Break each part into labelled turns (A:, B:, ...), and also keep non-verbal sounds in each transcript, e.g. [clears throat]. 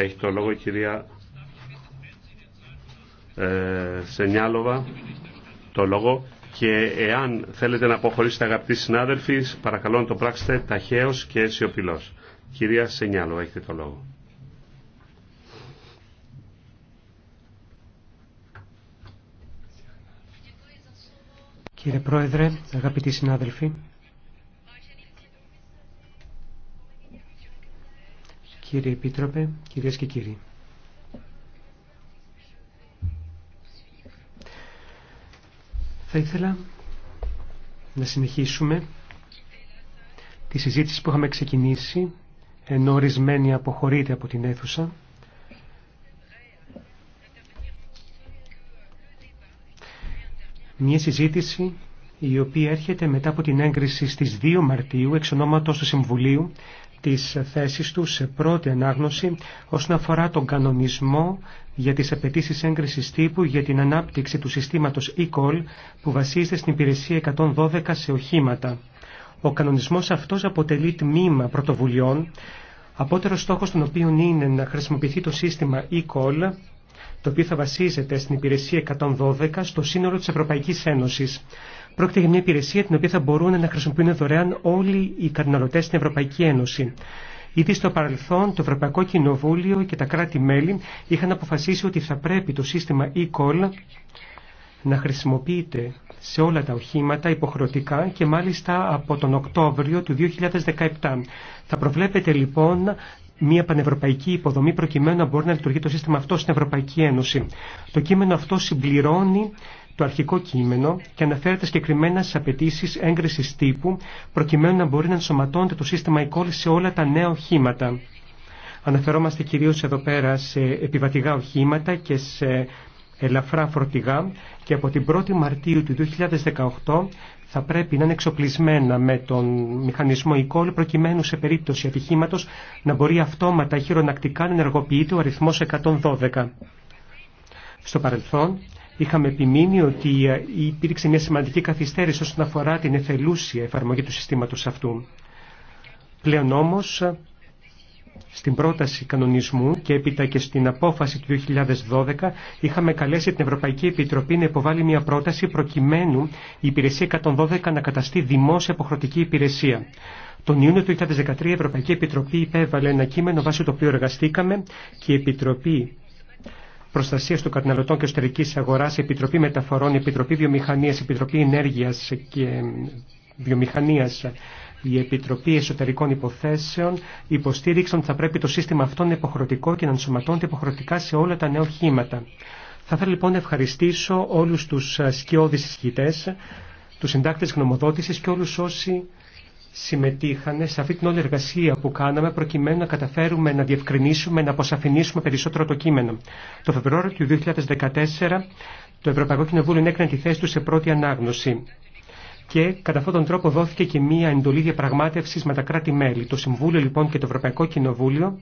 A: Έχει το λόγο η κυρία ε, Σενιάλοβα. Το λόγο. Και εάν θέλετε να αποχωρήσετε αγαπητοί συνάδελφοι, παρακαλώ να το πράξετε ταχαίως και σιωπηλός. Κυρία Σενιάλοβα, έχετε το λόγο.
B: Κύριε Πρόεδρε, αγαπητοί συνάδελφοι, Κύριε Επίτροπε, κυρίες και κύριοι. Θα ήθελα να συνεχίσουμε τη συζήτηση που είχαμε ξεκινήσει ενώ ορισμένη αποχωρείται από την αίθουσα. Μια συζήτηση η οποία έρχεται μετά από την έγκριση στις 2 Μαρτίου εξ ονόματος του Συμβουλίου τις θέσεις του σε πρώτη ανάγνωση όσον αφορά τον κανονισμό για τις απαιτήσει έγκρισης τύπου για την ανάπτυξη του συστήματος που βασίζεται στην υπηρεσία 112 σε οχήματα. Ο κανονισμός αυτός αποτελεί τμήμα πρωτοβουλειών, απότερο στόχος των οποίων είναι να χρησιμοποιηθεί το σύστημα το οποίο θα βασίζεται στην υπηρεσία 112 στο σύνολο της Ευρωπαϊκής Ένωσης. Πρόκειται για μια υπηρεσία την οποία θα μπορούν να χρησιμοποιούν δωρεάν όλοι οι καταναλωτέ στην Ευρωπαϊκή Ένωση. Ήδη στο παρελθόν το Ευρωπαϊκό Κοινοβούλιο και τα κράτη-μέλη είχαν αποφασίσει ότι θα πρέπει το σύστημα e-call να χρησιμοποιείται σε όλα τα οχήματα υποχρεωτικά και μάλιστα από τον Οκτώβριο του 2017. Θα προβλέπετε λοιπόν μια πανευρωπαϊκή υποδομή προκειμένου να μπορεί να λειτουργεί το σύστημα αυτό στην Ευρωπαϊκή Ένωση. Το κείμενο αυτό συμπληρώνει το αρχικό κείμενο και αναφέρεται συγκεκριμένα στι απαιτήσει έγκριση τύπου, προκειμένου να μπορεί να ενσωματώνεται το σύστημα σε όλα τα νέα οχήματα. Αναφερόμαστε κυρίω εδώ πέρα σε επιβατηγά οχήματα και σε ελαφρά φορτηγά και από την 1η Μαρτίου του 2018 θα πρέπει να είναι εξοπλισμένα με τον μηχανισμό e-call προκειμένου σε περίπτωση ατυχήματο να μπορεί αυτόματα χειρονακτικά να ενεργοποιείται ο αριθμό 112. Στο παρελθόν, είχαμε επιμείνει ότι ε, υπήρξε μια σημαντική καθυστέρηση όσον αφορά την εθελούσια εφαρμογή του συστήματος αυτού. Πλέον όμως ε, στην πρόταση κανονισμού και έπειτα και στην απόφαση του 2012 είχαμε καλέσει την Ευρωπαϊκή Επιτροπή να υποβάλει μια πρόταση προκειμένου η υπηρεσία 112 να καταστεί δημόσια υποχρεωτική υπηρεσία. Τον Ιούνιο του 2013 η Ευρωπαϊκή Επιτροπή υπέβαλε ένα κείμενο βάσει το οποίο εργαστήκαμε και η Επιτροπή Προστασία του Καταναλωτών και Εσωτερική Αγορά, Επιτροπή Μεταφορών, Επιτροπή Βιομηχανία, Επιτροπή Ενέργεια και Βιομηχανία, η Επιτροπή Εσωτερικών Υποθέσεων υποστήριξαν ότι θα πρέπει το σύστημα αυτό να υποχρεωτικό και να ενσωματώνεται υποχρεωτικά σε όλα τα νέα οχήματα. Θα ήθελα λοιπόν να ευχαριστήσω όλου του σκιώδει ισχυτέ, του συντάκτε γνωμοδότηση και όλου όσοι συμμετείχανε σε αυτή την όλη εργασία που κάναμε προκειμένου να καταφέρουμε να διευκρινίσουμε, να αποσαφηνίσουμε περισσότερο το κείμενο. Το Φεβρουάριο του 2014 το Ευρωπαϊκό Κοινοβούλιο έκανε τη θέση του σε πρώτη ανάγνωση και κατά αυτόν τον τρόπο δόθηκε και μία εντολή διαπραγμάτευση με τα κράτη-μέλη. Το Συμβούλιο λοιπόν και το Ευρωπαϊκό Κοινοβούλιο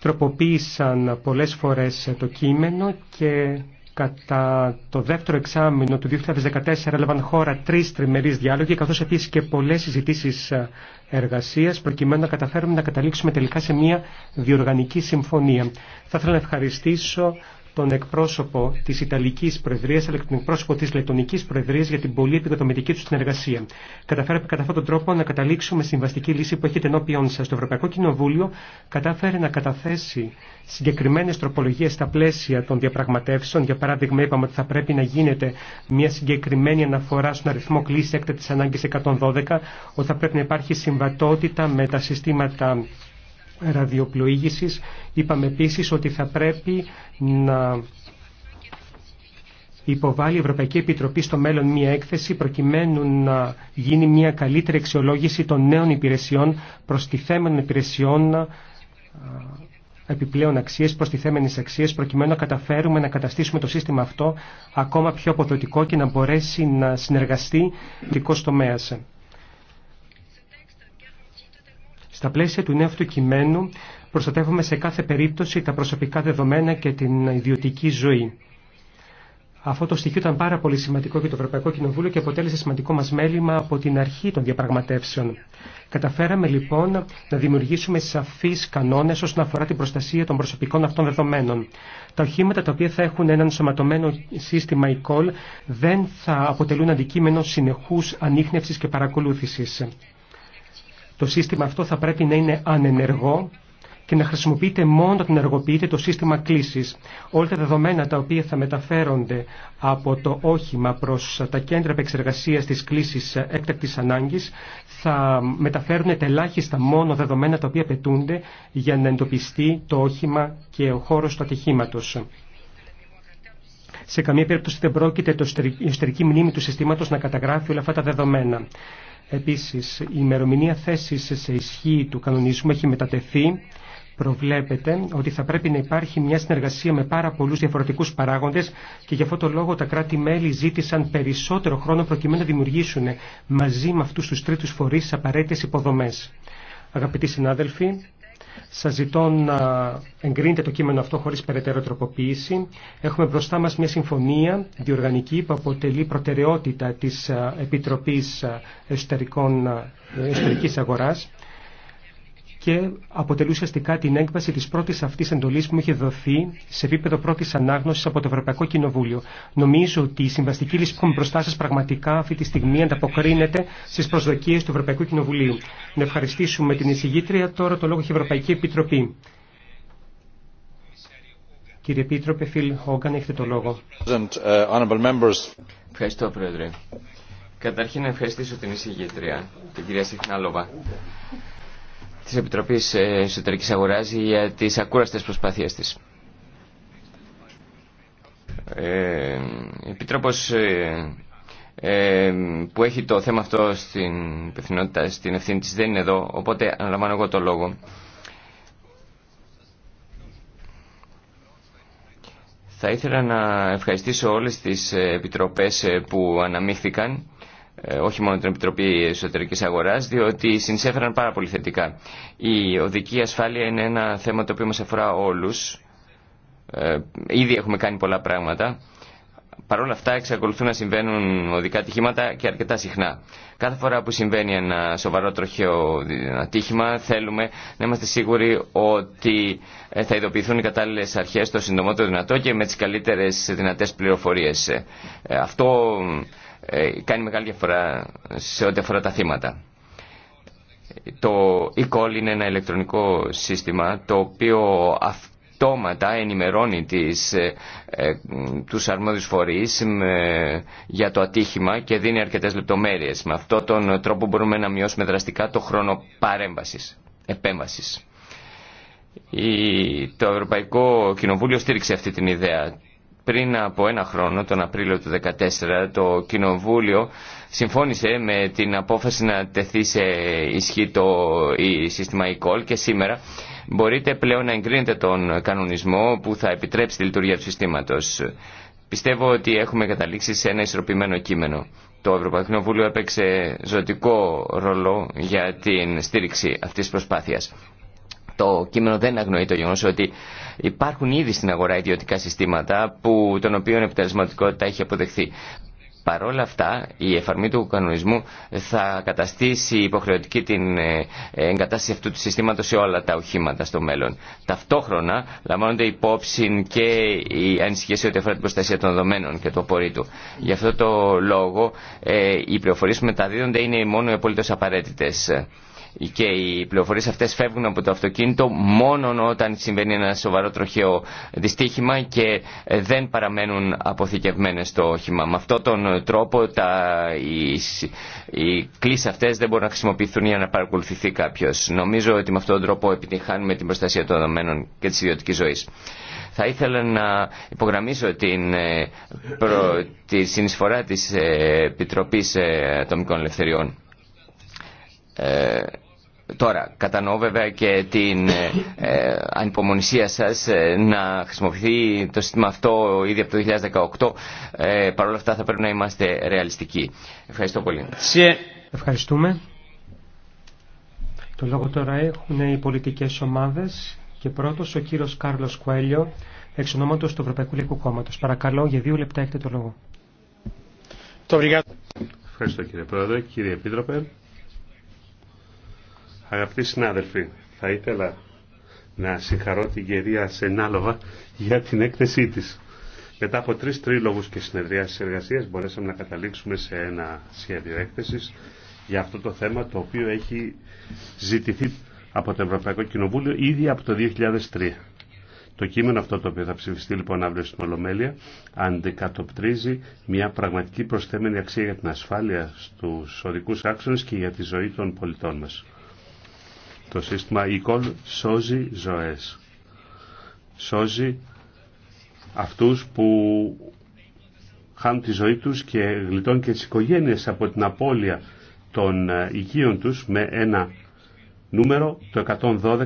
B: τροποποίησαν πολλές φορές το κείμενο και Κατά το δεύτερο εξάμεινο του 2014 έλαβαν χώρα τρει τριμερεί διάλογοι, καθώ επίση και πολλέ συζητήσει ε, εργασία, προκειμένου να καταφέρουμε να καταλήξουμε τελικά σε μια διοργανική συμφωνία. Θα ήθελα να ευχαριστήσω τον εκπρόσωπο τη Ιταλική Προεδρία αλλά και τον εκπρόσωπο τη Λετωνική Προεδρία για την πολύ επικοδομητική του συνεργασία. Καταφέραμε κατά αυτόν τον τρόπο να καταλήξουμε συμβαστική λύση που έχετε ενώπιον σα. Το Ευρωπαϊκό Κοινοβούλιο κατάφερε να καταθέσει συγκεκριμένε τροπολογίε στα πλαίσια των διαπραγματεύσεων. Για παράδειγμα, είπαμε ότι θα πρέπει να γίνεται μια συγκεκριμένη αναφορά στον αριθμό κλίση έκτατη ανάγκη 112, ότι θα πρέπει να υπάρχει συμβατότητα με τα συστήματα ραδιοπλοήγησης. Είπαμε επίσης ότι θα πρέπει να υποβάλει η Ευρωπαϊκή Επιτροπή στο μέλλον μία έκθεση προκειμένου να γίνει μία καλύτερη αξιολόγηση των νέων υπηρεσιών προστιθέμενων υπηρεσιών επιπλέον αξίες, προστιθέμενες αξίες, προκειμένου να καταφέρουμε να καταστήσουμε το σύστημα αυτό ακόμα πιο αποδοτικό και να μπορέσει να συνεργαστεί δικό τομέα. Στα πλαίσια του νέου αυτού κειμένου προστατεύουμε σε κάθε περίπτωση τα προσωπικά δεδομένα και την ιδιωτική ζωή. Αυτό το στοιχείο ήταν πάρα πολύ σημαντικό για το Ευρωπαϊκό Κοινοβούλιο και αποτέλεσε σημαντικό μας μέλημα από την αρχή των διαπραγματεύσεων. Καταφέραμε λοιπόν να δημιουργήσουμε σαφείς κανόνες όσον αφορά την προστασία των προσωπικών αυτών δεδομένων. Τα οχήματα τα οποία θα έχουν έναν σωματωμένο σύστημα e-call δεν θα αποτελούν αντικείμενο συνεχούς ανείχνευσης και παρακολούθησης. Το σύστημα αυτό θα πρέπει να είναι ανενεργό και να χρησιμοποιείται μόνο όταν ενεργοποιείται το σύστημα κλήση. Όλα τα δεδομένα τα οποία θα μεταφέρονται από το όχημα προ τα κέντρα επεξεργασία τη κλήση έκτακτη ανάγκη θα μεταφέρουν τα ελάχιστα μόνο δεδομένα τα οποία απαιτούνται για να εντοπιστεί το όχημα και ο χώρο του ατυχήματο. Σε καμία περίπτωση δεν πρόκειται η εσωτερική μνήμη του συστήματος να καταγράφει όλα αυτά τα δεδομένα. Επίσης, η ημερομηνία θέση σε ισχύ του κανονισμού έχει μετατεθεί. Προβλέπεται ότι θα πρέπει να υπάρχει μια συνεργασία με πάρα πολλούς διαφορετικούς παράγοντες και γι' αυτό το λόγο τα κράτη-μέλη ζήτησαν περισσότερο χρόνο προκειμένου να δημιουργήσουν μαζί με αυτούς τους τρίτους φορείς απαραίτητες υποδομές. Αγαπητοί συνάδελφοι, Σα ζητώ να εγκρίνετε το κείμενο αυτό χωρί περαιτέρω τροποποίηση. Έχουμε μπροστά μα μια συμφωνία διοργανική που αποτελεί προτεραιότητα τη Επιτροπή ε, Εσωτερική Αγορά και αποτελούσε ουσιαστικά την έκβαση τη πρώτη αυτή εντολή που μου είχε δοθεί σε επίπεδο πρώτη ανάγνωση από το Ευρωπαϊκό Κοινοβούλιο. Νομίζω ότι η συμβαστική λύση που έχουμε μπροστά σα πραγματικά αυτή τη στιγμή ανταποκρίνεται στι προσδοκίε του Ευρωπαϊκού Κοινοβουλίου. Να ευχαριστήσουμε την εισηγήτρια. Τώρα το λόγο έχει η Ευρωπαϊκή Επιτροπή. Κύριε Επίτροπε, Φιλ Χόγκαν, έχετε το λόγο.
C: Uh,
D: Ευχαριστώ, Πρόεδρε. Καταρχήν να ευχαριστήσω την εισηγήτρια, την κυρία Συχνάλοβα της Επιτροπής ε, Εσωτερικής Αγοράς για τις ακούραστες προσπάθειές της. Ε, Επιτρόπος ε, ε, που έχει το θέμα αυτό στην υπευθυνότητα, στην ευθύνη της δεν είναι εδώ, οπότε αναλαμβάνω εγώ το λόγο. Θα ήθελα να ευχαριστήσω όλες τις επιτροπές που αναμίχθηκαν ε, όχι μόνο την Επιτροπή Εσωτερικής Αγοράς, διότι συνσέφεραν πάρα πολύ θετικά. Η οδική ασφάλεια είναι ένα θέμα το οποίο μας αφορά όλους. Ε, ήδη έχουμε κάνει πολλά πράγματα. Παρ' όλα αυτά εξακολουθούν να συμβαίνουν οδικά ατυχήματα και αρκετά συχνά. Κάθε φορά που συμβαίνει ένα σοβαρό τροχαίο ατύχημα θέλουμε να είμαστε σίγουροι ότι ε, θα ειδοποιηθούν οι κατάλληλες αρχές το συντομότερο δυνατό και με τις καλύτερες δυνατές πληροφορίες. Αυτό ε, κάνει μεγάλη διαφορά σε ό,τι αφορά τα θύματα. Το e-call είναι ένα ηλεκτρονικό σύστημα το οποίο αυτόματα ενημερώνει τις, ε, ε, τους αρμόδιους φορείς για το ατύχημα και δίνει αρκετές λεπτομέρειες. Με αυτόν τον τρόπο μπορούμε να μειώσουμε δραστικά το χρόνο παρέμβασης, επέμβασης. Το Ευρωπαϊκό Κοινοβούλιο στήριξε αυτή την ιδέα πριν από ένα χρόνο, τον Απρίλιο του 2014, το Κοινοβούλιο συμφώνησε με την απόφαση να τεθεί σε ισχύ το σύστημα e και σήμερα μπορείτε πλέον να εγκρίνετε τον κανονισμό που θα επιτρέψει τη λειτουργία του συστήματος. Πιστεύω ότι έχουμε καταλήξει σε ένα ισορροπημένο κείμενο. Το Ευρωπαϊκό Κοινοβούλιο έπαιξε ζωτικό ρόλο για την στήριξη αυτής της προσπάθειας το κείμενο δεν αγνοεί το γεγονό ότι υπάρχουν ήδη στην αγορά ιδιωτικά συστήματα που, των οποίων επιτελεσματικότητα έχει αποδεχθεί. Παρ' όλα αυτά, η εφαρμή του κανονισμού θα καταστήσει υποχρεωτική την ε, εγκατάσταση αυτού του συστήματος σε όλα τα οχήματα στο μέλλον. Ταυτόχρονα, λαμβάνονται υπόψη και οι ανησυχίε ό,τι αφορά την προστασία των δεδομένων και του απορρίτου. Γι' αυτό το λόγο, ε, οι πληροφορίε που μεταδίδονται είναι μόνο οι απολύτω απαραίτητε και οι πληροφορίες αυτές φεύγουν από το αυτοκίνητο μόνο όταν συμβαίνει ένα σοβαρό τροχαίο δυστύχημα και ε, δεν παραμένουν αποθηκευμένες στο όχημα. Με αυτόν τον τρόπο τα, οι, οι κλείς αυτές δεν μπορούν να χρησιμοποιηθούν για να παρακολουθηθεί κάποιος. Νομίζω ότι με αυτόν τον τρόπο επιτυχάνουμε την προστασία των δεδομένων και της ιδιωτικής ζωής. Θα ήθελα να υπογραμμίσω την, ε, προ, τη συνεισφορά της ε, Επιτροπής Ατομικών Ελευθεριών. Τώρα, κατανοώ βέβαια και την ε, ε ανυπομονησία σας ε, να χρησιμοποιηθεί το σύστημα αυτό ήδη από το 2018. Ε, Παρ' όλα αυτά θα πρέπει να είμαστε ρεαλιστικοί. Ευχαριστώ πολύ.
B: Ευχαριστούμε. Το λόγο τώρα έχουν οι πολιτικές ομάδες και πρώτος ο κύριος Κάρλος Κουέλιο, εξ ονόματος του Ευρωπαϊκού Λαϊκού Κόμματος. Παρακαλώ, για δύο λεπτά έχετε το λόγο.
A: Ευχαριστώ κύριε Πρόεδρε, κύριε Επίτροπε. Αγαπητοί συνάδελφοι, θα ήθελα να συγχαρώ την κυρία Σενάλοβα για την έκθεσή της. Μετά από τρεις τρίλογους και συνεδριάσεις εργασίας μπορέσαμε να καταλήξουμε σε ένα σχέδιο έκθεσης για αυτό το θέμα το οποίο έχει ζητηθεί από το Ευρωπαϊκό Κοινοβούλιο ήδη από το 2003. Το κείμενο αυτό το οποίο θα ψηφιστεί λοιπόν αύριο στην Ολομέλεια αντικατοπτρίζει μια πραγματική προσθέμενη αξία για την ασφάλεια στους οδικούς άξονες και για τη ζωή των πολιτών μας. Το σύστημα e-call σώζει ζωές. Σώζει αυτούς που χάνουν τη ζωή τους και γλιτών και τις οικογένειες από την απώλεια των ε, οικείων τους με ένα νούμερο, το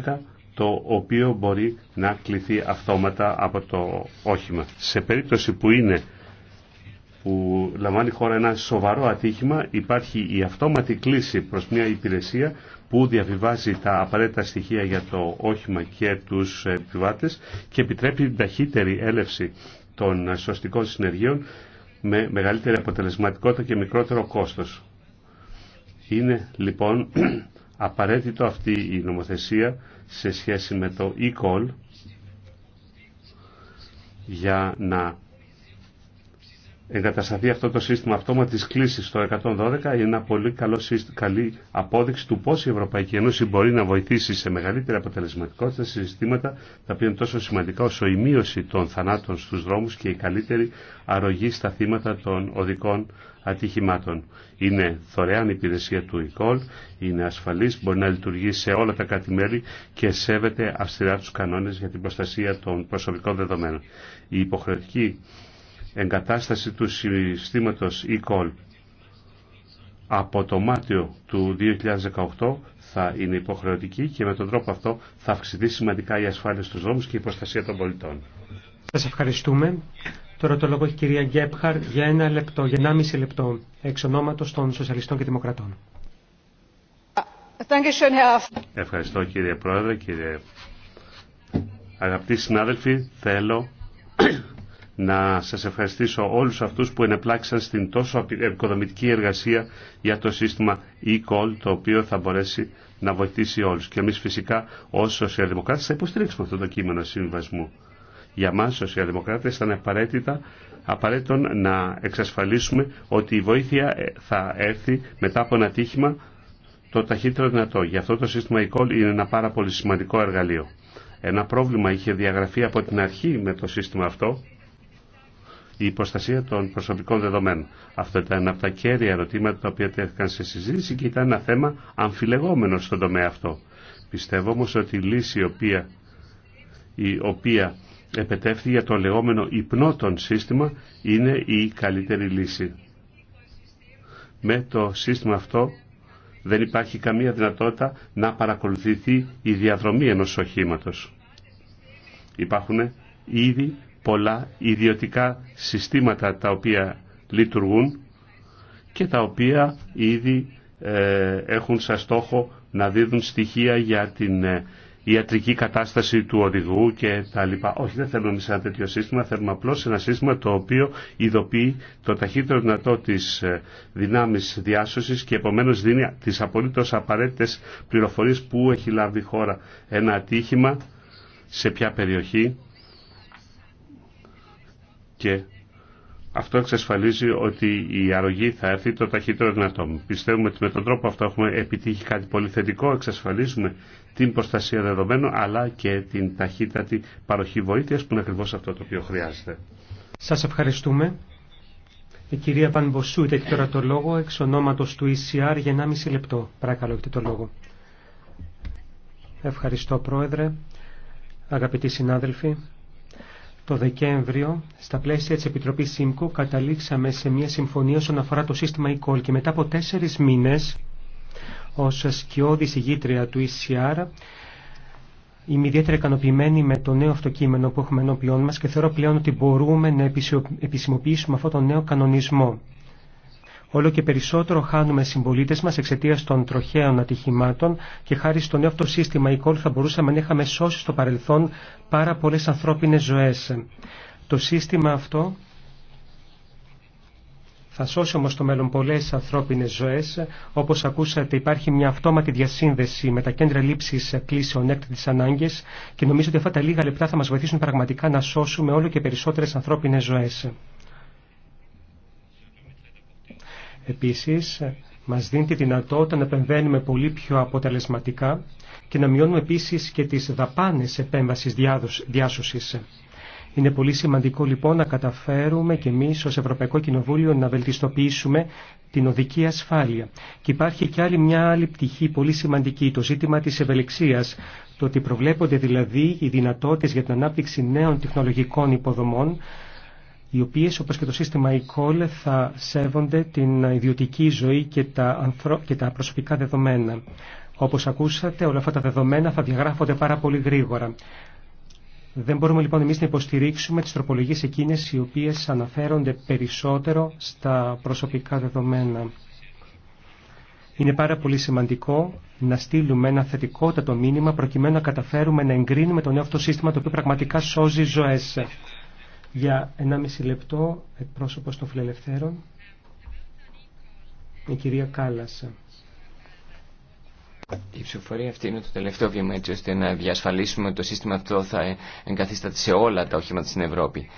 A: 112, το οποίο μπορεί να κληθεί αυτόματα από το όχημα. Σε περίπτωση που είναι που λαμβάνει η χώρα ένα σοβαρό ατύχημα υπάρχει η αυτόματη κλίση προς μια υπηρεσία που διαβιβάζει τα απαραίτητα στοιχεία για το όχημα και τους επιβάτες και επιτρέπει την ταχύτερη έλευση των σωστικών συνεργείων με μεγαλύτερη αποτελεσματικότητα και μικρότερο κόστος. Είναι λοιπόν [clears throat] απαραίτητο αυτή η νομοθεσία σε σχέση με το e-call για να εγκατασταθεί αυτό το σύστημα αυτόματης κλίσης στο 112 είναι ένα πολύ καλό σύστημα, καλή απόδειξη του πώς η Ευρωπαϊκή Ένωση μπορεί να βοηθήσει σε μεγαλύτερη αποτελεσματικότητα σε συστήματα τα οποία είναι τόσο σημαντικά όσο η μείωση των θανάτων στους δρόμους και η καλύτερη αρρωγή στα θύματα των οδικών ατυχημάτων. Είναι δωρεάν υπηρεσία του ECOL, είναι ασφαλής, μπορεί να λειτουργεί σε όλα τα κάτι και σέβεται αυστηρά τους κανόνες για την προστασία των προσωπικών δεδομένων. Η υποχρεωτική εγκατάσταση του συστήματος e-call από το Μάρτιο του 2018 θα είναι υποχρεωτική και με τον τρόπο αυτό θα αυξηθεί σημαντικά η ασφάλεια στους δρόμους και η προστασία των πολιτών.
B: Σας ευχαριστούμε. Τώρα το λόγο έχει κυρία Γκέπχαρ για ένα λεπτό, για ένα μισή λεπτό, εξ ονόματος των Σοσιαλιστών και Δημοκρατών.
A: Ευχαριστώ κύριε Πρόεδρε, κύριε... Αγαπητοί συνάδελφοι, θέλω να σας ευχαριστήσω όλους αυτούς που ενεπλάξαν στην τόσο οικοδομητική εργασία για το σύστημα e-call το οποίο θα μπορέσει να βοηθήσει όλους. Και εμείς φυσικά ως σοσιαλδημοκράτες θα υποστηρίξουμε αυτό το κείμενο συμβασμού. Για μας σοσιαλδημοκράτες ήταν απαραίτητα απαραίτητον να εξασφαλίσουμε ότι η βοήθεια ε, θα έρθει μετά από ένα τύχημα το ταχύτερο δυνατό. Γι' αυτό το σύστημα e-call είναι ένα πάρα πολύ σημαντικό εργαλείο. Ένα πρόβλημα είχε διαγραφεί από την αρχή με το σύστημα αυτό η υποστασία των προσωπικών δεδομένων. Αυτό ήταν από τα κέρια ερωτήματα τα οποία τέθηκαν σε συζήτηση και ήταν ένα θέμα αμφιλεγόμενο στον τομέα αυτό. Πιστεύω όμως ότι η λύση η οποία, η οποία επετεύχθη για το λεγόμενο υπνώτον σύστημα είναι η καλύτερη λύση. Με το σύστημα αυτό δεν υπάρχει καμία δυνατότητα να παρακολουθηθεί η διαδρομή ενός οχήματος. Υπάρχουν ήδη πολλά ιδιωτικά συστήματα τα οποία λειτουργούν και τα οποία ήδη ε, έχουν σαν στόχο να δίδουν στοιχεία για την ε, ιατρική κατάσταση του οδηγού και τα λοιπά. Όχι, δεν θέλουμε εμείς ένα τέτοιο σύστημα, θέλουμε απλώς ένα σύστημα το οποίο ειδοποιεί το ταχύτερο δυνατό της ε, δυνάμεις διάσωσης και επομένως δίνει τις απολύτως απαραίτητες πληροφορίες που έχει λάβει η χώρα ένα ατύχημα, σε ποια περιοχή και αυτό εξασφαλίζει ότι η αρρωγή θα έρθει το ταχύτερο δυνατόν. Πιστεύουμε ότι με τον τρόπο αυτό έχουμε επιτύχει κάτι πολύ θετικό, εξασφαλίζουμε την προστασία δεδομένων αλλά και την ταχύτατη παροχή βοήθειας που είναι ακριβώς αυτό το οποίο χρειάζεται.
B: Σας ευχαριστούμε. Η κυρία Πανμποσού έχει τώρα το λόγο εξ ονόματος του ECR για 1,5 λεπτό. Παρακαλώ, έχετε το λόγο. Ευχαριστώ, Πρόεδρε. Αγαπητοί συνάδελφοι, το Δεκέμβριο, στα πλαίσια της Επιτροπής ΣΥΜΚΟ, καταλήξαμε σε μια συμφωνία όσον αφορά το σύστημα e-call και μετά από τέσσερις μήνες, ως σκιώδη ηγήτρια του ECR, Είμαι ιδιαίτερα ικανοποιημένη με το νέο αυτοκείμενο που έχουμε ενώπιόν μας και θεωρώ πλέον ότι μπορούμε να επισημοποιήσουμε αυτό το νέο κανονισμό. Όλο και περισσότερο χάνουμε συμπολίτε μα εξαιτία των τροχαίων ατυχημάτων και χάρη στο νέο αυτό σύστημα e-call θα μπορούσαμε να είχαμε σώσει στο παρελθόν πάρα πολλέ ανθρώπινε ζωέ. Το σύστημα αυτό θα σώσει όμω στο μέλλον πολλέ ανθρώπινε ζωέ. Όπω ακούσατε, υπάρχει μια αυτόματη διασύνδεση με τα κέντρα λήψη κλήσεων έκτακτη ανάγκη και νομίζω ότι αυτά τα λίγα λεπτά θα μα βοηθήσουν πραγματικά να σώσουμε όλο και περισσότερε ανθρώπινε ζωέ. Επίσης, μας δίνει τη δυνατότητα να επεμβαίνουμε πολύ πιο αποτελεσματικά και να μειώνουμε επίσης και τις δαπάνες επέμβασης διάσωσης. Είναι πολύ σημαντικό λοιπόν να καταφέρουμε και εμείς ως Ευρωπαϊκό Κοινοβούλιο να βελτιστοποιήσουμε την οδική ασφάλεια. Και υπάρχει και άλλη μια άλλη πτυχή πολύ σημαντική, το ζήτημα της ευελιξίας, Το ότι προβλέπονται δηλαδή οι δυνατότητες για την ανάπτυξη νέων τεχνολογικών υποδομών οι οποίες όπως και το σύστημα e θα σέβονται την ιδιωτική ζωή και τα, ανθρω... και τα προσωπικά δεδομένα. Όπως ακούσατε όλα αυτά τα δεδομένα θα διαγράφονται πάρα πολύ γρήγορα. Δεν μπορούμε λοιπόν εμείς να υποστηρίξουμε τις τροπολογίες εκείνες οι οποίες αναφέρονται περισσότερο στα προσωπικά δεδομένα. Είναι πάρα πολύ σημαντικό να στείλουμε ένα θετικότατο μήνυμα προκειμένου να καταφέρουμε να εγκρίνουμε το νέο αυτό σύστημα το οποίο πραγματικά σώζει ζωές. Για 1,5 λεπτό, εκπρόσωπος των φιλελευθέρων, η κυρία Κάλασα.
D: Η ψηφοφορία αυτή είναι το τελευταίο βήμα έτσι ώστε να διασφαλίσουμε ότι το σύστημα αυτό θα εγκαθίσταται σε όλα τα οχήματα στην Ευρώπη.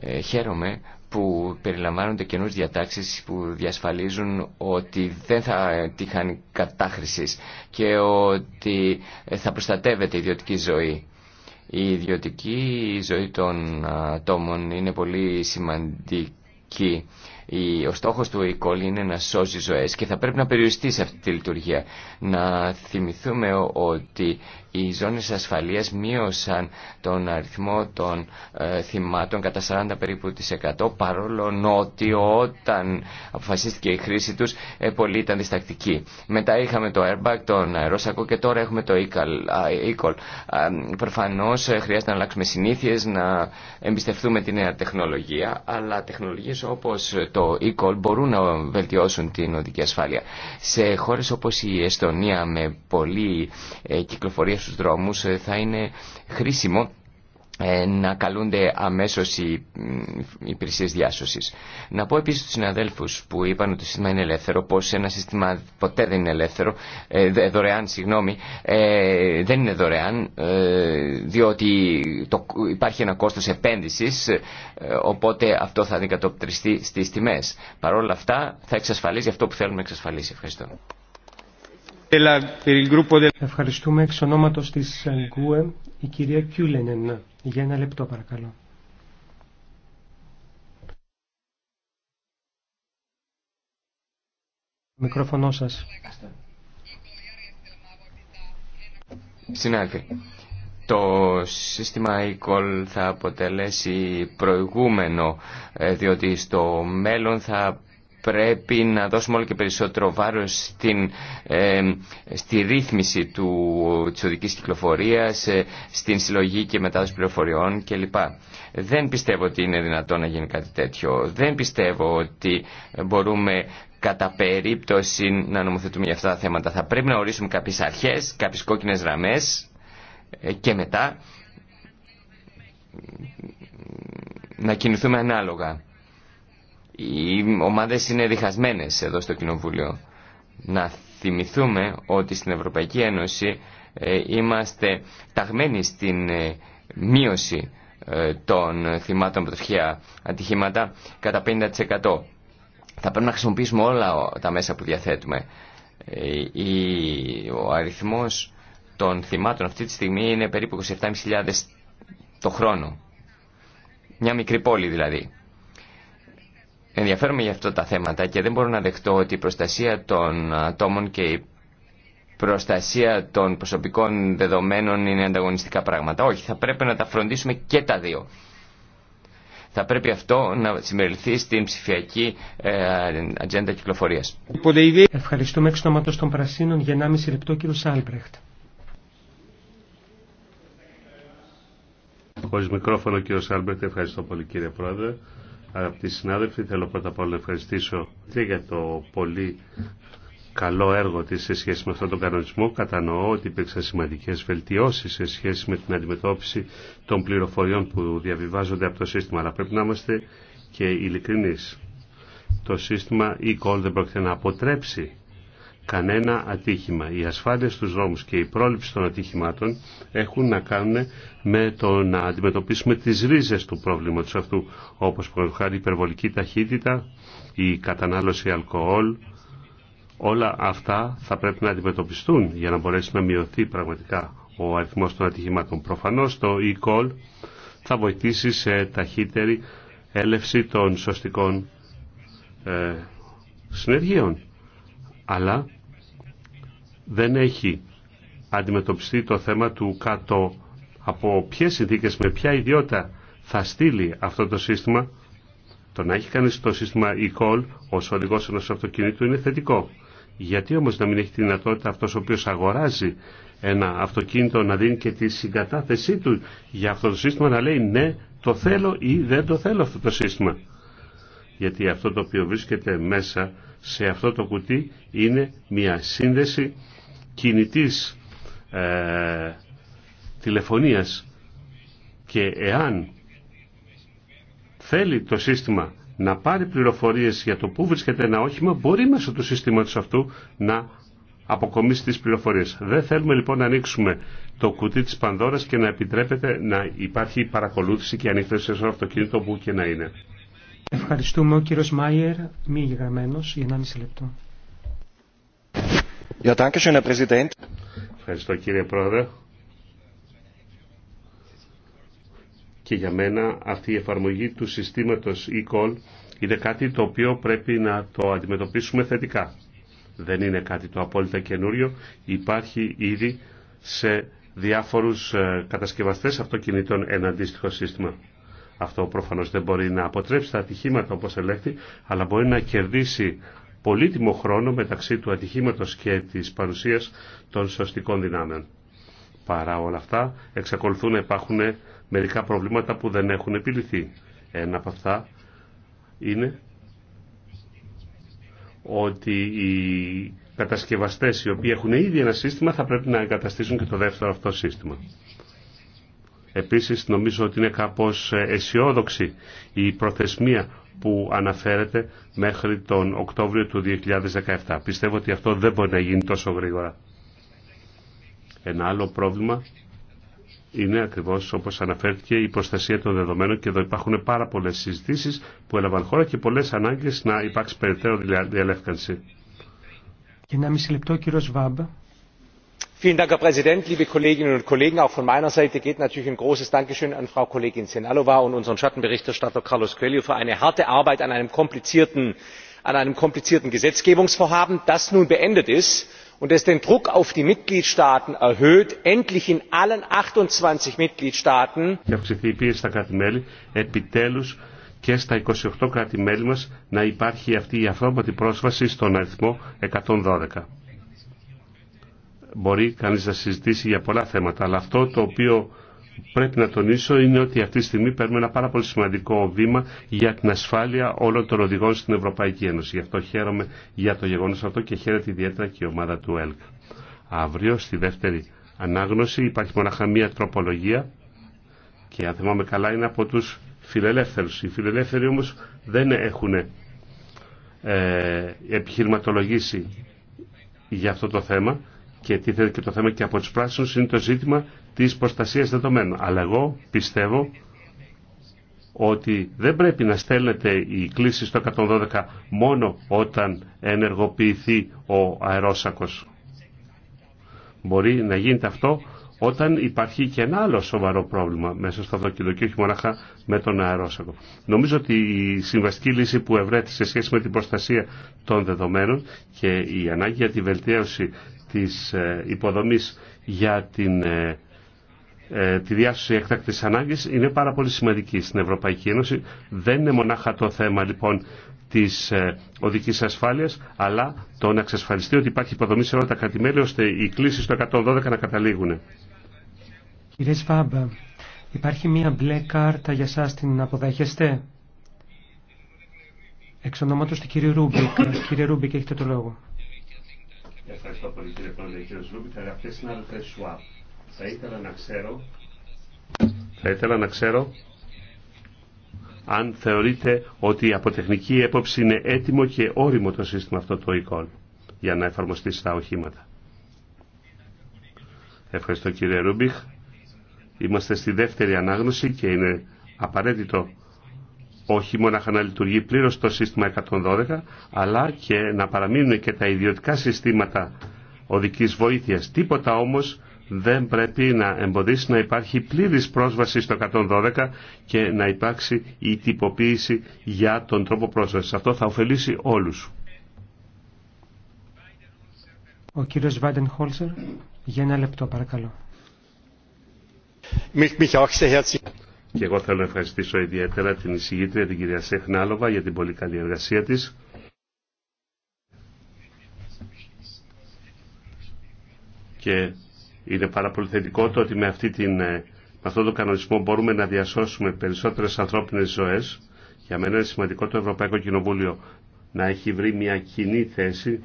D: Ε, χαίρομαι που περιλαμβάνονται καινούς διατάξεις που διασφαλίζουν ότι δεν θα τύχαν κατάχρησης και ότι θα προστατεύεται η ιδιωτική ζωή. Η ιδιωτική ζωή των ατόμων είναι πολύ σημαντική. Ο στόχος του ΕΚΟΛ είναι να σώζει ζωές και θα πρέπει να περιοριστεί σε αυτή τη λειτουργία. Να θυμηθούμε ότι οι ζώνες ασφαλείας μείωσαν τον αριθμό των ε, θυμάτων κατά 40 περίπου της 100 παρόλο ότι όταν αποφασίστηκε η χρήση τους ε, πολλοί ήταν διστακτικοί. Μετά είχαμε το airbag, τον αερόσακο και τώρα έχουμε το e-call. Προφανώς ε, χρειάζεται να αλλάξουμε συνήθειες, να εμπιστευτούμε τη νέα τεχνολογία αλλά τεχνολογίες όπως το e-call μπορούν να βελτιώσουν την οδική ασφάλεια. Σε χώρες όπως η Εστονία με πολλή ε, κυκλοφορία στους δρόμους ε, θα είναι χρήσιμο ε, να καλούνται αμέσως οι υπηρεσίε διάσωσης. Να πω επίσης στους συναδέλφους που είπαν ότι το σύστημα είναι ελεύθερο, πως ένα σύστημα ποτέ δεν είναι ελεύθερο, ε, δωρεάν, συγγνώμη, δεν είναι δωρεάν, διότι υπάρχει ένα κόστος επένδυσης, οπότε αυτό θα αντικατοπτριστεί στις τιμές. Παρ' όλα αυτά θα εξασφαλίζει αυτό που θέλουμε να εξασφαλίσει. Ευχαριστώ.
B: Ευχαριστούμε εξ ονόματος της ε, Γκουε, η κυρία Κιούλενεν. Για ένα λεπτό παρακαλώ. Μικρόφωνο σας.
D: Συνάδελφοι, το σύστημα e-call θα αποτελέσει προηγούμενο, ε, διότι στο μέλλον θα πρέπει να δώσουμε όλο και περισσότερο βάρος στην, ε, στη ρύθμιση του, της οδικής κυκλοφορίας, ε, στην συλλογή και μετάδοση πληροφοριών κλπ. Δεν πιστεύω ότι είναι δυνατόν να γίνει κάτι τέτοιο. Δεν πιστεύω ότι μπορούμε κατά περίπτωση να νομοθετούμε για αυτά τα θέματα. Θα πρέπει να ορίσουμε κάποιες αρχές, κάποιες κόκκινες γραμμές ε, και μετά να κινηθούμε ανάλογα ομάδες είναι διχασμένες εδώ στο Κοινοβούλιο. Να θυμηθούμε ότι στην Ευρωπαϊκή Ένωση ε, είμαστε ταγμένοι στην ε, μείωση ε, των θυμάτων από τα ατυχήματα κατά 50%. Θα πρέπει να χρησιμοποιήσουμε όλα τα μέσα που διαθέτουμε. Ο αριθμός των θυμάτων αυτή τη στιγμή είναι περίπου 27.500 το χρόνο. Μια μικρή πόλη δηλαδή ενδιαφέρομαι για αυτά τα θέματα και δεν μπορώ να δεχτώ ότι η προστασία των ατόμων και η προστασία των προσωπικών δεδομένων είναι ανταγωνιστικά πράγματα. Όχι, θα πρέπει να τα φροντίσουμε και τα δύο. Θα πρέπει αυτό να συμπεριληφθεί στην ψηφιακή ε, ατζέντα κυκλοφορίας.
B: Ευχαριστούμε εξ των Πρασίνων για 1,5 λεπτό κύριο Σάλμπρεχτ.
A: Χωρίς μικρόφωνο κύριο Σάλμπρεχτ, ευχαριστώ πολύ κύριε Πρόεδρε. Αγαπητοί συνάδελφοι, θέλω πρώτα απ' όλα να ευχαριστήσω και για το πολύ καλό έργο της σε σχέση με αυτόν τον κανονισμό. Κατανοώ ότι υπήρξαν σημαντικές βελτιώσεις σε σχέση με την αντιμετώπιση των πληροφοριών που διαβιβάζονται από το σύστημα, αλλά πρέπει να είμαστε και ειλικρινείς. Το σύστημα e-call δεν πρόκειται να αποτρέψει κανένα ατύχημα. Οι ασφάλεια στους δρόμους και η πρόληψη των ατύχημάτων έχουν να κάνουν με το να αντιμετωπίσουμε τις ρίζες του προβλήματος αυτού, όπως χάρη υπερβολική ταχύτητα, η κατανάλωση αλκοόλ, όλα αυτά θα πρέπει να αντιμετωπιστούν για να μπορέσει να μειωθεί πραγματικά ο αριθμός των ατυχημάτων. Προφανώς το e-call θα βοηθήσει σε ταχύτερη έλευση των σωστικών ε, συνεργείων αλλά δεν έχει αντιμετωπιστεί το θέμα του κάτω από ποιες συνθήκες, με ποια ιδιότητα θα στείλει αυτό το σύστημα. Το να έχει κανείς το σύστημα e-call ως οδηγός ενός αυτοκινήτου είναι θετικό. Γιατί όμως να μην έχει τη δυνατότητα αυτός ο οποίος αγοράζει ένα αυτοκίνητο να δίνει και τη συγκατάθεσή του για αυτό το σύστημα να λέει ναι το θέλω ή δεν το θέλω αυτό το σύστημα. Γιατί αυτό το οποίο βρίσκεται μέσα σε αυτό το κουτί είναι μια σύνδεση κινητής ε, τηλεφωνίας και εάν θέλει το σύστημα να πάρει πληροφορίες για το πού βρίσκεται ένα όχημα, μπορεί μέσω του συστήματος αυτού να αποκομίσει τις πληροφορίες. Δεν θέλουμε λοιπόν να ανοίξουμε το κουτί της πανδώρας και να επιτρέπεται να υπάρχει παρακολούθηση και ανήφθεση σε αυτοκίνητο που και να είναι.
B: Ευχαριστούμε. Ο κύριος Μάιερ, μη εγγεγραμμένος, για 1,5 λεπτό.
A: Ευχαριστώ κύριε Πρόεδρε. Και για μένα αυτή η εφαρμογή του συστήματος e-call είναι κάτι το οποίο πρέπει να το αντιμετωπίσουμε θετικά. Δεν είναι κάτι το απόλυτα καινούριο. Υπάρχει ήδη σε διάφορους ε, κατασκευαστές αυτοκινήτων ένα αντίστοιχο σύστημα. Αυτό προφανώς δεν μπορεί να αποτρέψει τα ατυχήματα όπως ελέγχει αλλά μπορεί να κερδίσει πολύτιμο χρόνο μεταξύ του ατυχήματος και της παρουσίας των σωστικών δυνάμεων. Παρά όλα αυτά, εξακολουθούν να υπάρχουν μερικά προβλήματα που δεν έχουν επιληθεί. Ένα από αυτά είναι ότι οι κατασκευαστές οι οποίοι έχουν ήδη ένα σύστημα θα πρέπει να εγκαταστήσουν και το δεύτερο αυτό σύστημα. Επίσης νομίζω ότι είναι κάπως αισιόδοξη η προθεσμία που αναφέρεται μέχρι τον Οκτώβριο του 2017. Πιστεύω ότι αυτό δεν μπορεί να γίνει τόσο γρήγορα. Ένα άλλο πρόβλημα είναι ακριβώς όπως αναφέρθηκε η προστασία των δεδομένων και εδώ υπάρχουν πάρα πολλές συζητήσεις που έλαβαν χώρα και πολλές ανάγκες να υπάρξει περαιτέρω διαλεύκανση herr präsident liebe kolleginnen und kollegen! auch von meiner seite geht natürlich ein großes dankeschön an
B: frau kollegin sehnalov und unseren schattenberichterstatter carlos coelho für eine harte arbeit an einem komplizierten gesetzgebungsvorhaben das nun beendet ist und das den druck auf
A: die mitgliedstaaten erhöht endlich in allen achtundzwanzig mitgliedstaaten μπορεί κανείς να συζητήσει για πολλά θέματα, αλλά αυτό το οποίο πρέπει να τονίσω είναι ότι αυτή τη στιγμή παίρνουμε ένα πάρα πολύ σημαντικό βήμα για την ασφάλεια όλων των οδηγών στην Ευρωπαϊκή Ένωση. Γι' αυτό χαίρομαι για το γεγονός αυτό και χαίρεται ιδιαίτερα και η ομάδα του ΕΛΚ. Αύριο στη δεύτερη ανάγνωση υπάρχει μοναχα μία τροπολογία και αν θυμάμαι καλά είναι από τους φιλελεύθερους. Οι φιλελεύθεροι όμως δεν έχουν ε, επιχειρηματολογήσει για αυτό το θέμα και τίθεται και το θέμα και από τους πράσινους είναι το ζήτημα της προστασίας δεδομένων. Αλλά εγώ πιστεύω ότι δεν πρέπει να στέλνετε η κλήση στο 112 μόνο όταν ενεργοποιηθεί ο αερόσακος. Μπορεί να γίνεται αυτό όταν υπάρχει και ένα άλλο σοβαρό πρόβλημα μέσα στο αυτοκίνητο και όχι μονάχα με τον αερόσακο. Νομίζω ότι η συμβαστική λύση που ευρέθη σε σχέση με την προστασία των δεδομένων και η ανάγκη για τη βελτίωση της ε, υποδομής για την, ε, ε, τη διάσωση έκτακτης ανάγκης είναι πάρα πολύ σημαντική στην Ευρωπαϊκή Ένωση. Δεν είναι μονάχα το θέμα λοιπόν της οδικής ασφάλειας, αλλά το να εξασφαλιστεί ότι υπάρχει υποδομή σε όλα τα κρατημέλη, ώστε οι κλήσεις του 112 να καταλήγουν.
B: Κύριε Σφάμπα, υπάρχει μία μπλε κάρτα για σας, την αποδέχεστε. Εξ ονόματος του κύριου Ρούμπικ. Κύριε Ρούμπικ, έχετε το λόγο.
A: Ευχαριστώ πολύ κύριε Πρόεδρε, κύριε Ζλούμπη. Αγαπητέ συνάδελφε Σουάπ, θα ήθελα να ξέρω... Θα ήθελα να ξέρω αν θεωρείτε ότι από τεχνική έποψη είναι έτοιμο και όριμο το σύστημα αυτό το εικόν για να εφαρμοστεί στα οχήματα. Ευχαριστώ κύριε Ρούμπιχ. Είμαστε στη δεύτερη ανάγνωση και είναι απαραίτητο όχι μόνο να λειτουργεί πλήρω το σύστημα 112, αλλά και να παραμείνουν και τα ιδιωτικά συστήματα οδική βοήθειας. Τίποτα όμως δεν πρέπει να εμποδίσει να υπάρχει πλήρης πρόσβαση στο 112 και να υπάρξει η τυποποίηση για τον τρόπο πρόσβασης. Αυτό θα ωφελήσει όλους.
B: Ο Χόλσερ, λεπτό παρακαλώ.
A: Και εγώ θέλω να ευχαριστήσω ιδιαίτερα την εισηγήτρια, την κυρία Σέχνάλοβα, για την πολύ καλή εργασία της. Και είναι πάρα πολύ θετικό το ότι με, αυτή την, ε, με αυτόν τον κανονισμό μπορούμε να διασώσουμε περισσότερες ανθρώπινες ζωές. Για μένα είναι σημαντικό το Ευρωπαϊκό Κοινοβούλιο να έχει βρει μια κοινή θέση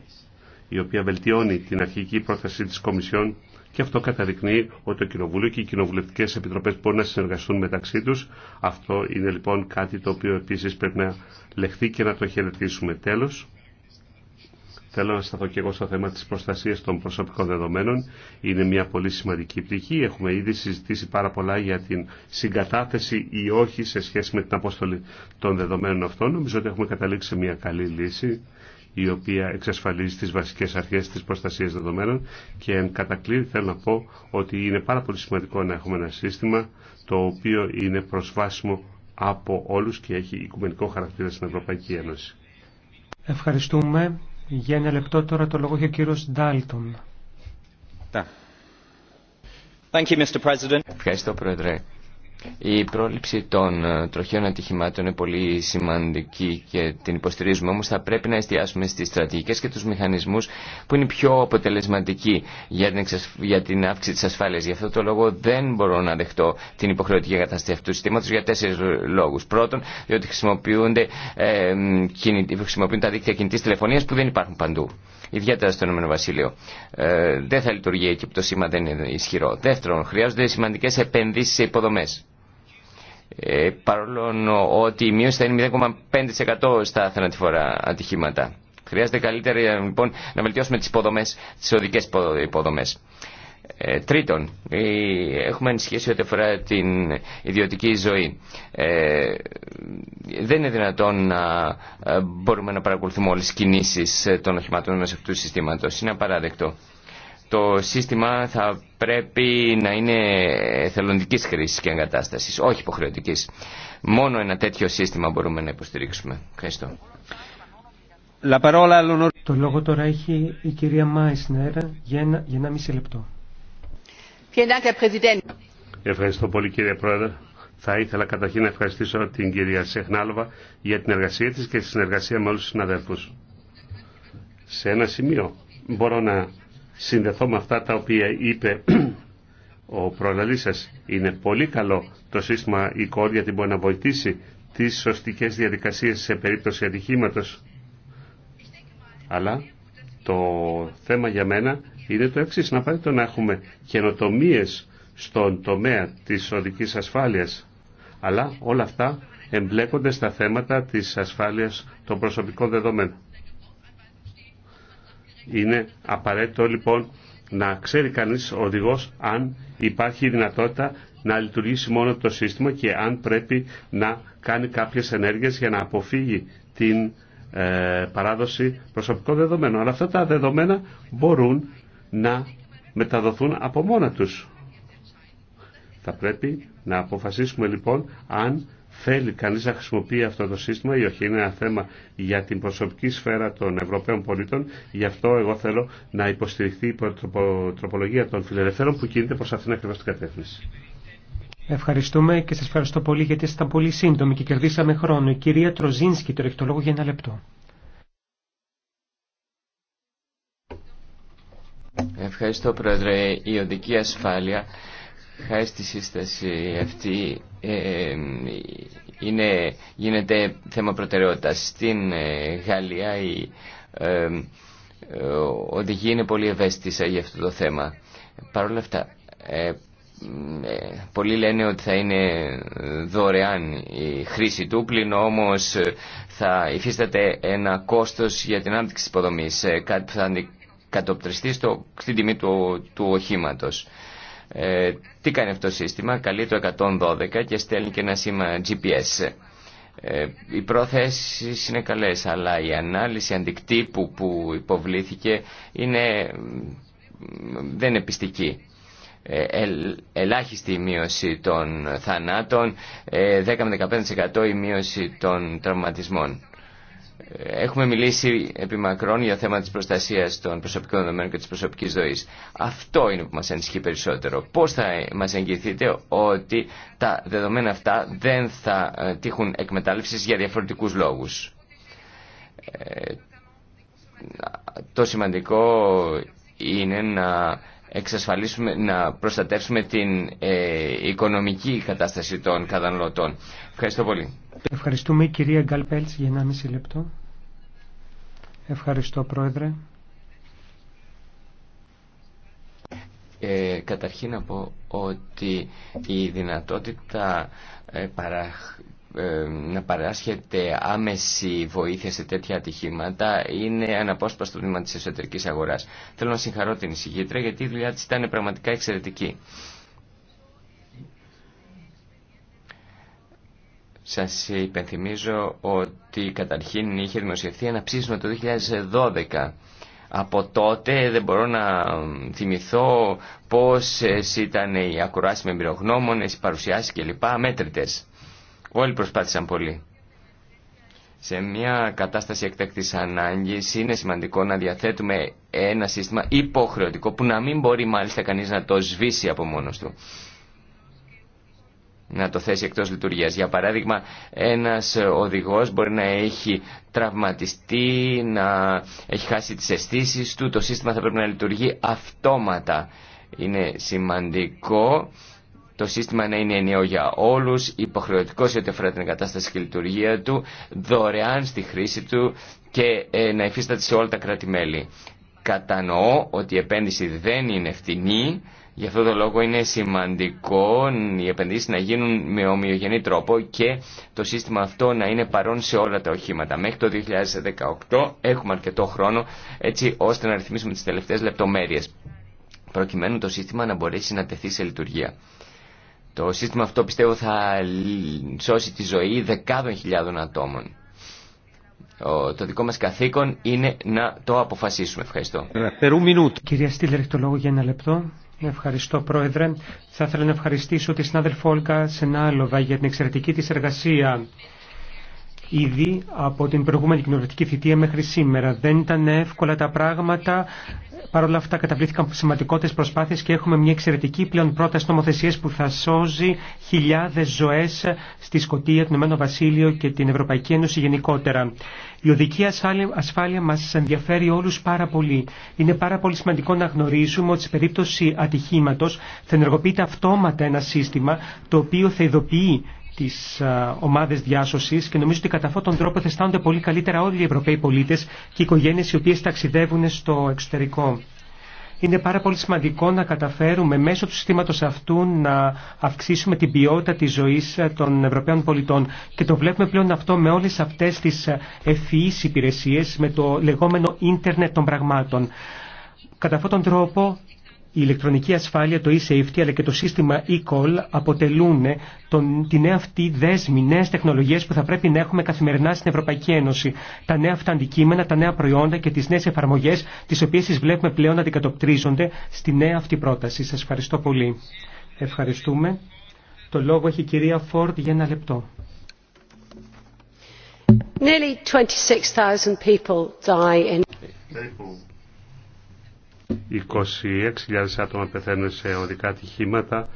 A: η οποία βελτιώνει την αρχική πρόταση της Κομισιόν και αυτό καταδεικνύει ότι το Κοινοβούλιο και οι κοινοβουλευτικέ επιτροπέ μπορούν να συνεργαστούν μεταξύ του. Αυτό είναι λοιπόν κάτι το οποίο επίση πρέπει να λεχθεί και να το χαιρετήσουμε. Τέλο, θέλω να σταθώ και εγώ στο θέμα τη προστασία των προσωπικών δεδομένων. Είναι μια πολύ σημαντική πτυχή. Έχουμε ήδη συζητήσει πάρα πολλά για την συγκατάθεση ή όχι σε σχέση με την απόστολη των δεδομένων αυτών. Νομίζω ότι έχουμε καταλήξει σε μια καλή λύση η οποία εξασφαλίζει τις βασικές αρχές της προστασίας δεδομένων και εν κατακλείδη θέλω να πω ότι είναι πάρα πολύ σημαντικό να έχουμε ένα σύστημα το οποίο είναι προσβάσιμο από όλους και έχει οικουμενικό χαρακτήρα στην Ευρωπαϊκή Ένωση.
B: Ευχαριστούμε. Για ένα λεπτό τώρα το λόγο έχει ο Ντάλτον.
D: Ευχαριστώ, Πρόεδρε. Η πρόληψη των ε, τροχαίων ατυχημάτων είναι πολύ σημαντική και την υποστηρίζουμε, όμως θα πρέπει να εστιάσουμε στις στρατηγικές και τους μηχανισμούς που είναι πιο αποτελεσματικοί για την, αύξηση της ασφάλειας. Γι' αυτό το λόγο δεν μπορώ να δεχτώ την υποχρεωτική εγκαταστήση αυτού του συστήματος για τέσσερις λόγους. Πρώτον, διότι χρησιμοποιούνται, ε, χρησιμοποιούν τα δίκτυα κινητής τηλεφωνίας που δεν υπάρχουν παντού. Ιδιαίτερα στο ΕΒ. Βασίλειο. Ε, δεν θα λειτουργεί εκεί που το σήμα δεν είναι ισχυρό. Δεύτερον, χρειάζονται σημαντικές επενδύσεις σε υποδομές ε, παρόλο ότι η μείωση θα είναι 0,5% στα θανατηφόρα ατυχήματα. Χρειάζεται καλύτερα λοιπόν να βελτιώσουμε τις υποδομές, τις οδικές υποδομές. Ε, τρίτον, έχουμε ενισχύσει ό,τι αφορά την ιδιωτική ζωή. Ε, δεν είναι δυνατόν να μπορούμε να παρακολουθούμε όλες τις κινήσεις των οχημάτων μέσα αυτού του συστήματος. Είναι απαράδεκτο το σύστημα θα πρέπει να είναι θελοντικής χρήσης και εγκατάστασης, όχι υποχρεωτικής. Μόνο ένα τέτοιο σύστημα μπορούμε να υποστηρίξουμε. Ευχαριστώ.
B: Το λόγο τώρα έχει η κυρία Μάισνερ για ένα, για μισή λεπτό.
A: Ευχαριστώ πολύ κύριε Πρόεδρε. Θα ήθελα καταρχήν να ευχαριστήσω την κυρία Σεχνάλοβα για την εργασία της και τη συνεργασία με όλους τους συναδέλφους. Σε ένα σημείο μπορώ να συνδεθώ με αυτά τα οποία είπε ο προλαλής Είναι πολύ καλό το σύστημα η e γιατί μπορεί να βοηθήσει τις σωστικές διαδικασίες σε περίπτωση ατυχήματος. Αλλά το θέμα για μένα είναι το εξής, να πάρει το να έχουμε καινοτομίε στον τομέα της οδικής ασφάλειας. Αλλά όλα αυτά εμπλέκονται στα θέματα της ασφάλειας των προσωπικών δεδομένων. Είναι απαραίτητο λοιπόν να ξέρει κανείς ο οδηγός αν υπάρχει δυνατότητα να λειτουργήσει μόνο το σύστημα και αν πρέπει να κάνει κάποιες ενέργειες για να αποφύγει την ε, παράδοση προσωπικών δεδομένων. Αλλά αυτά τα δεδομένα μπορούν να μεταδοθούν από μόνα τους. Θα πρέπει να αποφασίσουμε λοιπόν αν Θέλει κανείς να χρησιμοποιεί αυτό το σύστημα ή όχι. Είναι ένα θέμα για την προσωπική σφαίρα των Ευρωπαίων πολίτων. Γι' αυτό εγώ θέλω να υποστηριχθεί η τροπολογία των φιλελευθέρων που κινείται προς αυτήν ακριβώς την κατεύθυνση.
B: Ευχαριστούμε και σας ευχαριστώ πολύ γιατί ήταν πολύ σύντομοι και κερδίσαμε χρόνο. Η κυρία Τροζίνσκη τώρα έχει το λόγο για ένα λεπτό.
D: Ευχαριστώ Πρόεδρε. Η οδική ασφάλεια χάρη στη σύσταση αυτή ε, είναι, γίνεται θέμα προτεραιότητας. Στην ε, Γαλλία η ε, οδηγία είναι πολύ ευαίσθητη για αυτό το θέμα. Παρ' όλα αυτά, πολλοί λένε ότι θα είναι δωρεάν η χρήση του πλην όμως θα υφίσταται ένα κόστος για την άνθρωση της υποδομής κάτι που θα αντικατοπτριστεί στην τιμή του, του οχήματος. Ε, τι κάνει αυτό το σύστημα, καλεί το 112 και στέλνει και ένα σήμα GPS. Ε, οι πρόθεσει είναι καλές, αλλά η ανάλυση αντικτύπου που υποβλήθηκε είναι, δεν είναι πιστική. Ε, ελάχιστη η μείωση των θανάτων, 10 ε, 15% η μείωση των τραυματισμών. Έχουμε μιλήσει επί μακρόν για θέμα της προστασίας των προσωπικών δεδομένων και της προσωπικής ζωής. Αυτό είναι που μας ενισχύει περισσότερο. Πώς θα μας εγγυηθείτε ότι τα δεδομένα αυτά δεν θα ε, τύχουν εκμετάλλευσης για διαφορετικούς λόγους. Ε, το σημαντικό είναι να εξασφαλίσουμε, να προστατεύσουμε την ε, οικονομική κατάσταση των καταναλωτών. Ευχαριστώ πολύ.
B: Ευχαριστούμε κυρία Γκαλπέλτς για ένα μισή λεπτό. Ευχαριστώ πρόεδρε.
D: Ε, καταρχήν να πω ότι η δυνατότητα ε, ε, να παράσχεται άμεση βοήθεια σε τέτοια ατυχήματα είναι αναπόσπαστο βήμα της εσωτερικής αγοράς. Θέλω να συγχαρώ την εισηγήτρια γιατί η δουλειά της ήταν πραγματικά εξαιρετική. Σας υπενθυμίζω ότι καταρχήν είχε δημοσιευθεί ένα ψήσιμο το 2012 από τότε δεν μπορώ να θυμηθώ πώς ήταν οι με εμπειρογνώμονες, οι παρουσιάσει κλπ. Αμέτρητε. Όλοι προσπάθησαν πολύ. Σε μια κατάσταση εκτέκτης ανάγκης είναι σημαντικό να διαθέτουμε ένα σύστημα υποχρεωτικό που να μην μπορεί μάλιστα κανείς να το σβήσει από μόνος του. Να το θέσει εκτός λειτουργίας. Για παράδειγμα, ένας οδηγός μπορεί να έχει τραυματιστεί, να έχει χάσει τις αισθήσει του. Το σύστημα θα πρέπει να λειτουργεί αυτόματα. Είναι σημαντικό το σύστημα να είναι ενιαίο για όλους, υποχρεωτικό σε ό,τι αφορά την εγκατάσταση και λειτουργία του, δωρεάν στη χρήση του και ε, να υφίσταται σε όλα τα κράτη-μέλη. Κατανοώ ότι η επένδυση δεν είναι φτηνή, γι' αυτό το λόγο είναι σημαντικό οι επενδύσεις να γίνουν με ομοιογενή τρόπο και το σύστημα αυτό να είναι παρόν σε όλα τα οχήματα. Μέχρι το 2018 έχουμε αρκετό χρόνο έτσι ώστε να ρυθμίσουμε τις τελευταίες λεπτομέρειες προκειμένου το σύστημα να μπορέσει να τεθεί σε λειτουργία. Το σύστημα αυτό πιστεύω θα σώσει τη ζωή δεκάδων χιλιάδων ατόμων. Το δικό μας καθήκον είναι να το αποφασίσουμε. Ευχαριστώ.
B: Κυρία Στήλερ, έχει το λόγο για ένα λεπτό. Ευχαριστώ Πρόεδρε. Θα ήθελα να ευχαριστήσω τη συνάδελφο Όλκα Σενάλοβα για την εξαιρετική της εργασία ήδη από την προηγούμενη κοινοβουλευτική θητεία μέχρι σήμερα. Δεν ήταν εύκολα τα πράγματα. Παρ' όλα αυτά καταβλήθηκαν σημαντικότερε προσπάθειες και έχουμε μια εξαιρετική πλέον πρόταση νομοθεσία που θα σώζει χιλιάδες ζωές στη Σκωτία, τον Ηνωμένο Βασίλειο και την Ευρωπαϊκή Ένωση γενικότερα. Η οδική ασφάλεια μας ενδιαφέρει όλους πάρα πολύ. Είναι πάρα πολύ σημαντικό να γνωρίζουμε ότι σε περίπτωση ατυχήματος θα ενεργοποιείται αυτόματα ένα σύστημα το οποίο θα ειδοποιεί τι ομάδε διάσωση και νομίζω ότι κατά αυτόν τον τρόπο θα πολύ καλύτερα όλοι οι Ευρωπαίοι πολίτε και οι οικογένειε οι οποίε ταξιδεύουν στο εξωτερικό. Είναι πάρα πολύ σημαντικό να καταφέρουμε μέσω του συστήματο αυτού να αυξήσουμε την ποιότητα τη ζωή των Ευρωπαίων πολιτών. Και το βλέπουμε πλέον αυτό με όλε αυτέ τι ευφυεί υπηρεσίε, με το λεγόμενο ίντερνετ των πραγμάτων. Κατά αυτόν τον τρόπο η ηλεκτρονική ασφάλεια, το e-safety αλλά και το σύστημα e-call αποτελούν τον, τη νέα αυτή δέσμη, νέε τεχνολογίε που θα πρέπει να έχουμε καθημερινά στην Ευρωπαϊκή Ένωση. Τα νέα αυτά αντικείμενα, τα νέα προϊόντα και τι νέε εφαρμογέ, τι οποίε τι βλέπουμε πλέον να αντικατοπτρίζονται στη νέα αυτή πρόταση. Σα ευχαριστώ πολύ. Ευχαριστούμε. Το λόγο έχει η κυρία Φόρντ για ένα λεπτό.
C: Nearly people die in...
A: 26.000 άτομα πεθαίνουν σε οδικά ατυχήματα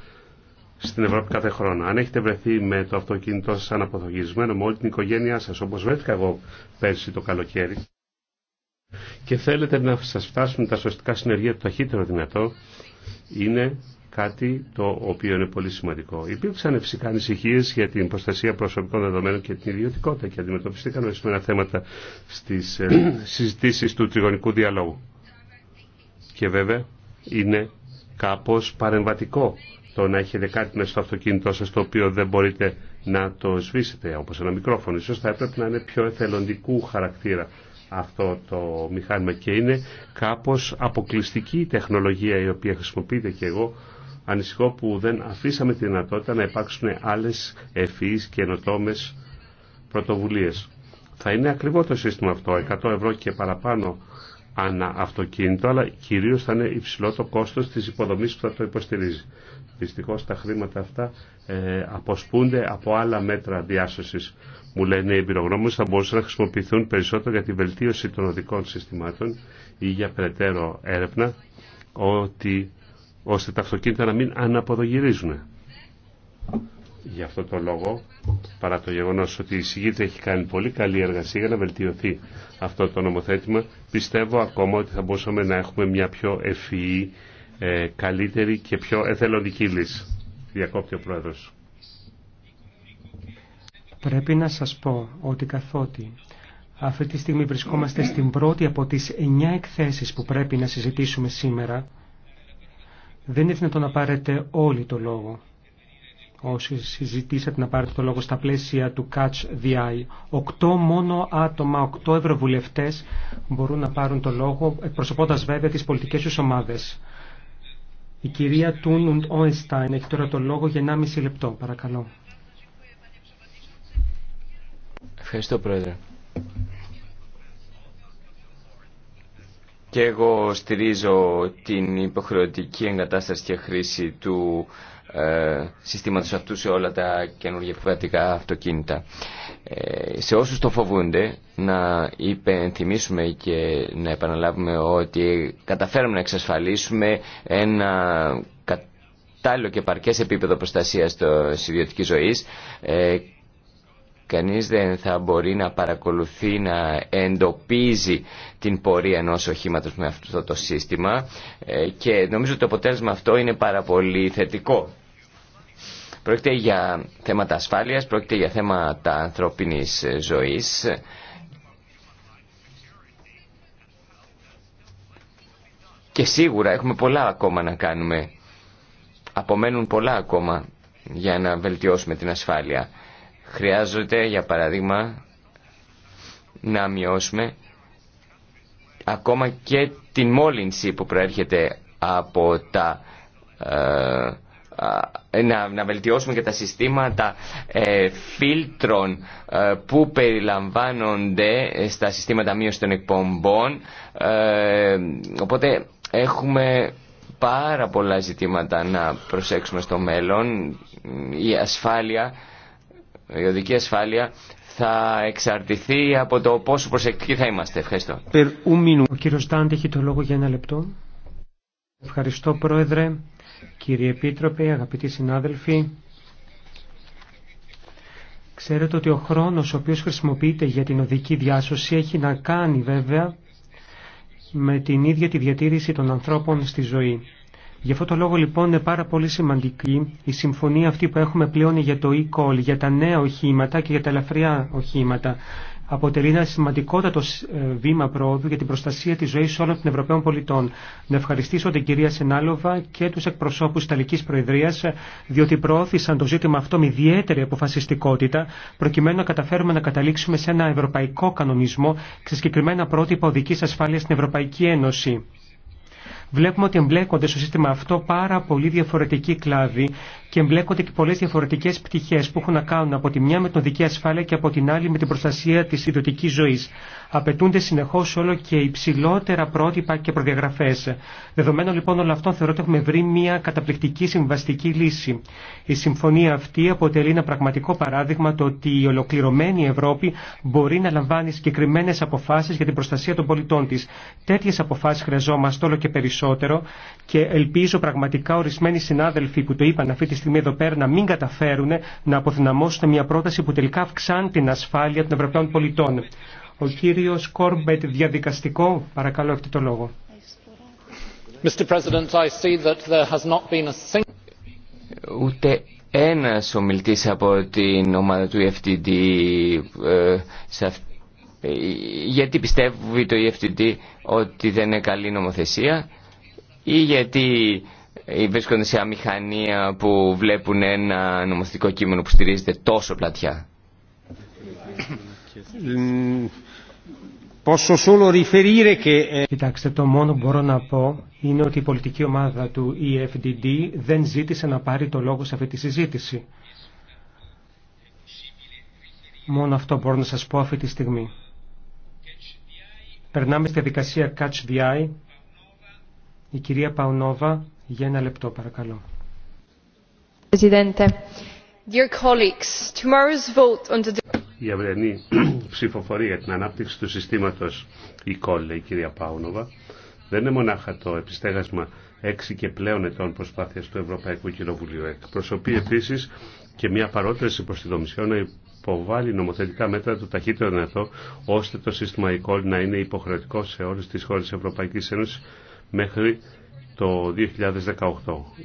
A: στην Ευρώπη κάθε χρόνο. Αν έχετε βρεθεί με το αυτοκίνητό σας αναποδογισμένο με όλη την οικογένειά σας, όπως βρέθηκα εγώ πέρσι το καλοκαίρι, και θέλετε να σας φτάσουν τα σωστικά συνεργεία το ταχύτερο δυνατό, είναι κάτι το οποίο είναι πολύ σημαντικό. Υπήρξαν φυσικά ανησυχίε για την προστασία προσωπικών δεδομένων και την ιδιωτικότητα και αντιμετωπιστήκαν ορισμένα θέματα στις ε, συζητήσεις του τριγωνικού διαλόγου. Και βέβαια είναι κάπως παρεμβατικό το να έχετε κάτι μέσα στο αυτοκίνητό σας το οποίο δεν μπορείτε να το σβήσετε όπως ένα μικρόφωνο. Ίσως θα έπρεπε να είναι πιο εθελοντικού χαρακτήρα αυτό το μηχάνημα και είναι κάπως αποκλειστική η τεχνολογία η οποία χρησιμοποιείται και εγώ ανησυχώ που δεν αφήσαμε τη δυνατότητα να υπάρξουν άλλες ευφυείς και ενωτόμες πρωτοβουλίες. Θα είναι ακριβό το σύστημα αυτό, 100 ευρώ και παραπάνω ανά αυτοκίνητο, αλλά κυρίως θα είναι υψηλό το κόστος της υποδομής που θα το υποστηρίζει. Δυστυχώ τα χρήματα αυτά ε, αποσπούνται από άλλα μέτρα διάσωση Μου λένε οι εμπειρογνώμε θα μπορούσαν να χρησιμοποιηθούν περισσότερο για τη βελτίωση των οδικών συστημάτων ή για περαιτέρω έρευνα, ότι, ώστε τα αυτοκίνητα να μην αναποδογυρίζουν. Για αυτό το λόγο, παρά το γεγονός ότι η συγκίτρια έχει κάνει πολύ καλή εργασία για να βελτιωθεί αυτό το νομοθέτημα, πιστεύω ακόμα ότι θα μπορούσαμε να έχουμε μια πιο ευφυή, ε, καλύτερη και πιο εθελοντική λύση. Διακόπτει ο Πρόεδρος.
B: Πρέπει να σας πω ότι καθότι αυτή τη στιγμή βρισκόμαστε στην πρώτη από τις εννιά εκθέσεις που πρέπει να συζητήσουμε σήμερα, δεν είναι δυνατόν να πάρετε όλοι το λόγο όσοι συζητήσατε να πάρετε το λόγο στα πλαίσια του Catch the Eye. Οκτώ μόνο άτομα, οκτώ ευρωβουλευτές μπορούν να πάρουν το λόγο, εκπροσωπώντας βέβαια τις πολιτικές τους ομάδες. Η κυρία Τούν Όινστάιν έχει τώρα το λόγο για 1,5 λεπτό, παρακαλώ.
D: Ευχαριστώ, Πρόεδρε. Και εγώ στηρίζω την υποχρεωτική εγκατάσταση και χρήση του ε, συστήματος αυτού σε όλα τα καινούργια αυτοκίνητα. Ε, σε όσους το φοβούνται να υπενθυμίσουμε και να επαναλάβουμε ότι καταφέρουμε να εξασφαλίσουμε ένα κατάλληλο και παρκές επίπεδο προστασίας της ιδιωτικής ζωής ε, Κανείς δεν θα μπορεί να παρακολουθεί, να εντοπίζει την πορεία ενός οχήματος με αυτό το σύστημα ε, και νομίζω ότι το αποτέλεσμα αυτό είναι πάρα πολύ θετικό Πρόκειται για θέματα ασφάλειας, πρόκειται για θέματα ανθρώπινης ζωής. Και σίγουρα έχουμε πολλά ακόμα να κάνουμε. Απομένουν πολλά ακόμα για να βελτιώσουμε την ασφάλεια. Χρειάζεται, για παράδειγμα, να μειώσουμε ακόμα και την μόλυνση που προέρχεται από τα ε, να, να βελτιώσουμε και τα συστήματα ε, φίλτρων ε, που περιλαμβάνονται στα συστήματα μείωση των εκπομπών. Ε, οπότε έχουμε πάρα πολλά ζητήματα να προσέξουμε στο μέλλον. Η ασφάλεια, η οδική ασφάλεια θα εξαρτηθεί από το πόσο προσεκτικοί θα είμαστε. Ευχαριστώ.
B: Ο κύριος Τάντ έχει το λόγο για ένα λεπτό. Ευχαριστώ Πρόεδρε. Κύριε Επίτροπε, αγαπητοί συνάδελφοι, ξέρετε ότι ο χρόνος ο οποίος χρησιμοποιείται για την οδική διάσωση έχει να κάνει βέβαια με την ίδια τη διατήρηση των ανθρώπων στη ζωή. Γι' αυτό το λόγο λοιπόν είναι πάρα πολύ σημαντική η συμφωνία αυτή που έχουμε πλέον για το e-call, για τα νέα οχήματα και για τα ελαφριά οχήματα αποτελεί ένα σημαντικότατο ε, βήμα πρόοδου για την προστασία της ζωής όλων των Ευρωπαίων πολιτών. Να ευχαριστήσω την κυρία Σενάλοβα και τους εκπροσώπους Ιταλικής Προεδρίας, ε, διότι προώθησαν το ζήτημα αυτό με ιδιαίτερη αποφασιστικότητα, προκειμένου να καταφέρουμε να καταλήξουμε σε ένα ευρωπαϊκό κανονισμό σε συγκεκριμένα πρότυπα οδικής ασφάλειας στην Ευρωπαϊκή Ένωση. Βλέπουμε ότι εμπλέκονται στο σύστημα αυτό πάρα πολύ διαφορετικοί κλάδοι και εμπλέκονται και πολλέ διαφορετικέ πτυχέ που έχουν να κάνουν από τη μια με την οδική ασφάλεια και από την άλλη με την προστασία τη ιδιωτικής ζωή. Απαιτούνται συνεχώ όλο και υψηλότερα πρότυπα και προδιαγραφέ. Δεδομένων λοιπόν όλων αυτών θεωρώ ότι έχουμε βρει μια καταπληκτική συμβαστική λύση. Η συμφωνία αυτή αποτελεί ένα πραγματικό παράδειγμα το ότι η ολοκληρωμένη Ευρώπη μπορεί να λαμβάνει συγκεκριμένε αποφάσει για την προστασία των πολιτών τη. Τέτοιε αποφάσει χρειαζόμαστε όλο και περισσότερο και ελπίζω πραγματικά ορισμένοι συνάδελφοι που το είπαν αυτή τη στιγμή εδώ πέρα να μην καταφέρουν να αποδυναμώσουν μια πρόταση που τελικά αυξάνει την ασφάλεια των Ευρωπαίων πολιτών. Ο κύριος Κόρμπετ διαδικαστικό, παρακαλώ έχετε το λόγο.
D: Ούτε ένας ομιλητής από την ομάδα του EFTD ε, ε, γιατί πιστεύει το EFTD ότι δεν είναι καλή νομοθεσία ή γιατί βρίσκονται σε αμηχανία που βλέπουν ένα νομοθετικό κείμενο που στηρίζεται τόσο πλατιά.
B: Ε, Κοιτάξτε, το μόνο που μπορώ να πω είναι ότι η πολιτική ομάδα του EFDD δεν ζήτησε να πάρει το λόγο σε αυτή τη συζήτηση. Μόνο αυτό μπορώ να σας πω αυτή τη στιγμή. Περνάμε στη δικασία Catch the Eye. Η κυρία Παουνόβα για ένα λεπτό παρακαλώ.
A: Η αυριανή ψηφοφορία για την ανάπτυξη του συστήματος e-call, λέει η κυρία Πάουνοβα, δεν είναι μονάχα το επιστέγασμα έξι και πλέον ετών προσπάθειας του Ευρωπαϊκού Κοινοβουλίου. Εκπροσωπεί επίσης και μια παρότρεση προς τη Κομισιόν να υποβάλει νομοθετικά μέτρα του ταχύτερο δυνατό, ώστε το σύστημα e-call να είναι υποχρεωτικό σε όλες τι χώρε τη Ευρωπαϊκή Ένωση. μέχρι το 2018.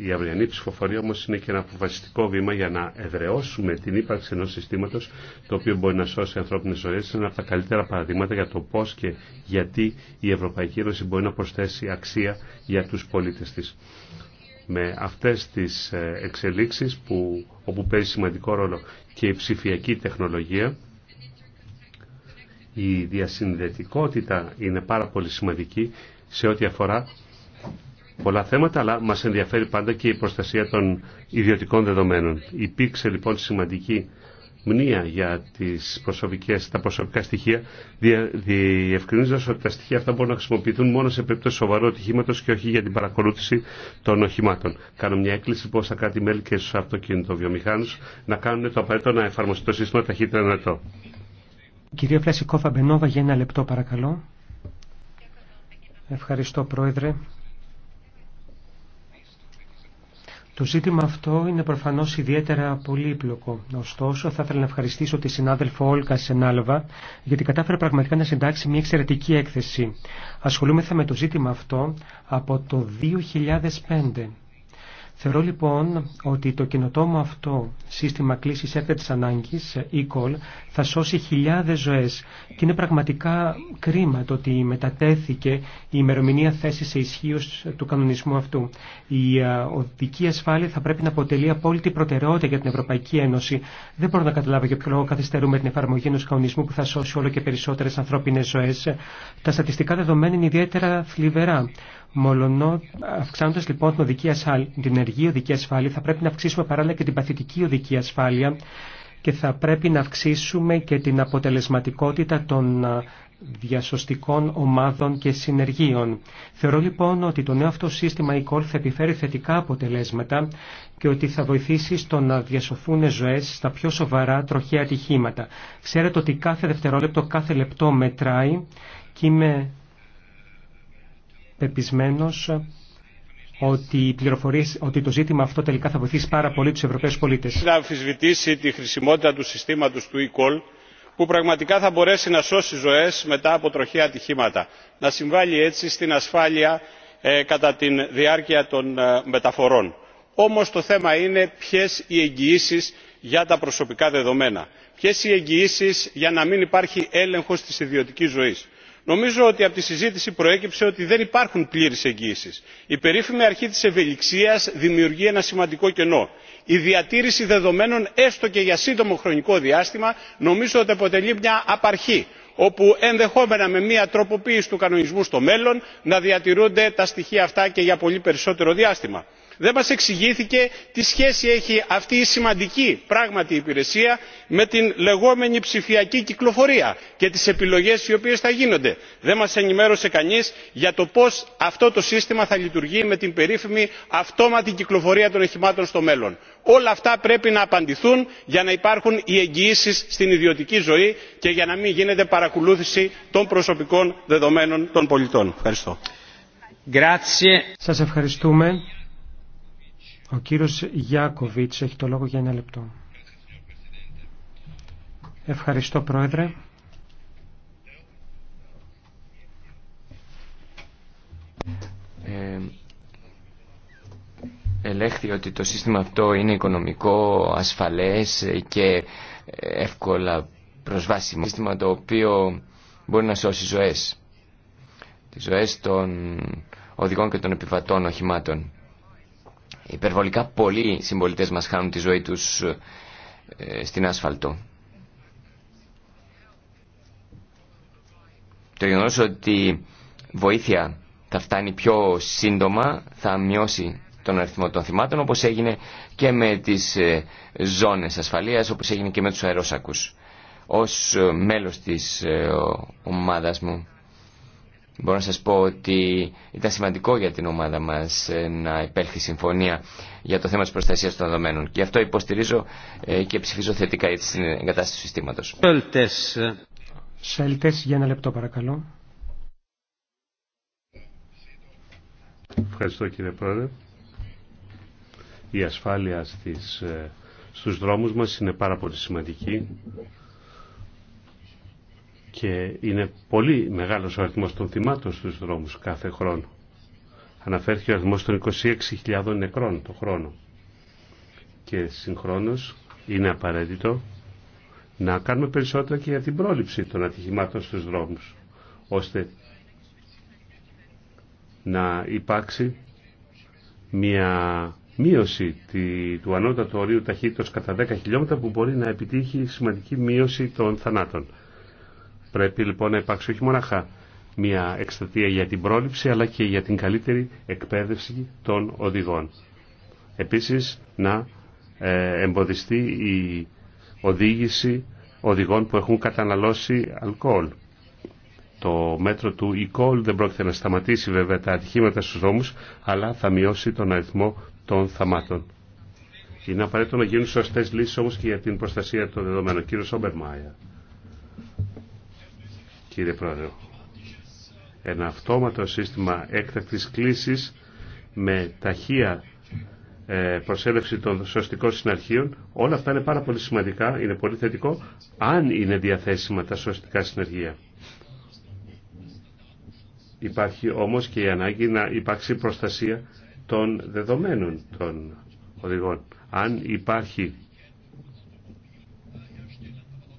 A: Η αυριανή ψηφοφορία όμως είναι και ένα αποφασιστικό βήμα για να εδραιώσουμε την ύπαρξη ενός συστήματος το οποίο μπορεί να σώσει ανθρώπινες ζωές. Είναι ένα από τα καλύτερα παραδείγματα για το πώς και γιατί η Ευρωπαϊκή Ένωση μπορεί να προσθέσει αξία για τους πολίτες της. Με αυτές τις ε, εξελίξεις που, όπου παίζει σημαντικό ρόλο και η ψηφιακή τεχνολογία η διασυνδετικότητα είναι πάρα πολύ σημαντική σε ό,τι αφορά πολλά θέματα, αλλά μας ενδιαφέρει πάντα και η προστασία των ιδιωτικών δεδομένων. Υπήρξε λοιπόν σημαντική μνήμα για τις προσωπικές, τα προσωπικά στοιχεία, διευκρινίζοντας ότι τα στοιχεία αυτά μπορούν να χρησιμοποιηθούν μόνο σε περίπτωση σοβαρού ατυχήματο και όχι για την παρακολούθηση των οχημάτων. Κάνω μια έκκληση πώ λοιπόν, θα κάνει μέλη και στου αυτοκινητοβιομηχάνου να κάνουν το απαραίτητο να εφαρμοστεί το σύστημα ταχύτερα δυνατό.
B: Κυρία Φλασικόφα Μπενόβα, για ένα λεπτό παρακαλώ. Ευχαριστώ Πρόεδρε. Το ζήτημα αυτό είναι προφανώς ιδιαίτερα πολύπλοκο. Ωστόσο, θα ήθελα να ευχαριστήσω τη συνάδελφο Όλκα Σενάλβα, γιατί κατάφερε πραγματικά να συντάξει μια εξαιρετική έκθεση. Ασχολούμεθα με το ζήτημα αυτό από το 2005. Θεωρώ λοιπόν ότι το καινοτόμο αυτό σύστημα κλήσης έκτατης ανάγκης, ε, e-call, θα σώσει χιλιάδες ζωές και είναι πραγματικά κρίμα το ότι μετατέθηκε η ημερομηνία θέση σε ισχύω του κανονισμού αυτού. Η ε, οδική ασφάλεια θα πρέπει να αποτελεί απόλυτη προτεραιότητα για την Ευρωπαϊκή Ένωση. Δεν μπορώ να καταλάβω για ποιο λόγο καθυστερούμε την εφαρμογή ενός κανονισμού που θα σώσει όλο και περισσότερες ανθρώπινες ζωές. Τα στατιστικά δεδομένα είναι ιδιαίτερα θλιβερά. Μολονό, αυξάνοντα λοιπόν την, οδική ασφάλεια, την ενεργή οδική ασφάλεια, θα πρέπει να αυξήσουμε παράλληλα και την παθητική οδική ασφάλεια και θα πρέπει να αυξήσουμε και την αποτελεσματικότητα των διασωστικών ομάδων και συνεργείων. Θεωρώ λοιπόν ότι το νέο αυτό σύστημα e-call θα επιφέρει θετικά αποτελέσματα και ότι θα βοηθήσει στο να διασωθούν ζωές στα πιο σοβαρά τροχαία ατυχήματα. Ξέρετε ότι κάθε δευτερόλεπτο, κάθε λεπτό μετράει και είμαι πεπισμένος ότι, πληροφορίες, ότι το ζήτημα αυτό τελικά θα βοηθήσει πάρα πολύ τους Ευρωπαίους πολίτες.
C: Να αμφισβητήσει τη χρησιμότητα του συστήματος του e που πραγματικά θα μπορέσει να σώσει ζωές μετά από τροχαία ατυχήματα. Να συμβάλλει έτσι στην ασφάλεια ε, κατά τη διάρκεια των ε, μεταφορών. Όμως το θέμα είναι ποιες οι εγγυήσει για τα προσωπικά δεδομένα. Ποιες οι εγγυήσει για να μην υπάρχει έλεγχος της ιδιωτικής ζωής νομίζω ότι από τη συζήτηση προέκυψε ότι δεν υπάρχουν πλήρεις εγγυήσεις. η περίφημη αρχή της ευελιξίας δημιουργεί ένα σημαντικό κενό. η διατήρηση δεδομένων έστω και για σύντομο χρονικό διάστημα νομίζω ότι αποτελεί μια απαρχή όπου ενδεχόμενα με μια τροποποίηση του κανονισμού στο μέλλον να διατηρούνται τα στοιχεία αυτά και για πολύ περισσότερο διάστημα δεν μας εξηγήθηκε τι σχέση έχει αυτή η σημαντική πράγματι υπηρεσία με την λεγόμενη ψηφιακή κυκλοφορία και τις επιλογές οι οποίες θα γίνονται. δεν μας ενημέρωσε κανείς για το πώς αυτό το σύστημα θα λειτουργεί με την περίφημη αυτόματη κυκλοφορία των οχημάτων στο μέλλον. όλα αυτά πρέπει να απαντηθούν για να υπάρχουν οι εγγυήσει στην ιδιωτική ζωή και για να μην γίνεται παρακολούθηση των προσωπικών δεδομένων των πολιτών. Ευχαριστώ.
B: Ο κύριος Γιάκοβιτς έχει το λόγο για ένα λεπτό. Ευχαριστώ Πρόεδρε.
D: Ε, ελέγχθη ότι το σύστημα αυτό είναι οικονομικό, ασφαλές και εύκολα προσβάσιμο. Σύστημα το οποίο μπορεί να σώσει ζωές. Τις ζωές των οδηγών και των επιβατών οχημάτων. Υπερβολικά πολλοί συμπολίτε μα χάνουν τη ζωή τους ε, στην άσφαλτο. Το γεγονό ότι βοήθεια θα φτάνει πιο σύντομα θα μειώσει τον αριθμό των θυμάτων όπως έγινε και με τις ε, ζώνες ασφαλείας, όπως έγινε και με τους αερόσακους. Ως ε, μέλος της ομάδας μου Μπορώ να σας πω ότι ήταν σημαντικό για την ομάδα μας ε, να υπέλθει συμφωνία για το θέμα της προστασίας των δεδομένων. Και αυτό υποστηρίζω ε, και ψηφίζω θετικά για την
A: εγκατάσταση του συστήματος.
B: Σέλτες. Σέλτες, για ένα λεπτό παρακαλώ.
A: Ευχαριστώ κύριε Πρόεδρε. Η ασφάλεια στις, ε, στους δρόμους μας είναι πάρα πολύ σημαντική και είναι πολύ μεγάλος ο αριθμός των θυμάτων στους δρόμους κάθε χρόνο. Αναφέρθηκε ο αριθμός των 26.000 νεκρών το χρόνο. Και συγχρόνως είναι απαραίτητο να κάνουμε περισσότερα και για την πρόληψη των ατυχημάτων στους δρόμους, ώστε να υπάρξει μια μείωση του ανώτατου ορίου ταχύτητας κατά 10 χιλιόμετρα που μπορεί να επιτύχει σημαντική μείωση των θανάτων. Πρέπει λοιπόν να υπάρξει όχι μοναχά μια εξτατεία για την πρόληψη αλλά και για την καλύτερη εκπαίδευση των οδηγών. Επίσης να ε, εμποδιστεί η οδήγηση οδηγών που έχουν καταναλώσει αλκοόλ. Το μέτρο του e-call δεν πρόκειται να σταματήσει βέβαια τα ατυχήματα στους δρόμους, αλλά θα μειώσει τον αριθμό των θαμάτων. Είναι απαραίτητο να γίνουν σωστές λύσεις όμως και για την προστασία των δεδομένων. Κύριο Σόμπερ Μάια κύριε Πρόεδρε. Ένα αυτόματο σύστημα έκτακτης κλίσης με ταχεία ε, προσέλευση των σωστικών συναρχείων. Όλα αυτά είναι πάρα πολύ σημαντικά, είναι πολύ θετικό, αν είναι διαθέσιμα τα σωστικά συνεργεία. Υπάρχει όμως και η ανάγκη να υπάρξει προστασία των δεδομένων των οδηγών. Αν υπάρχει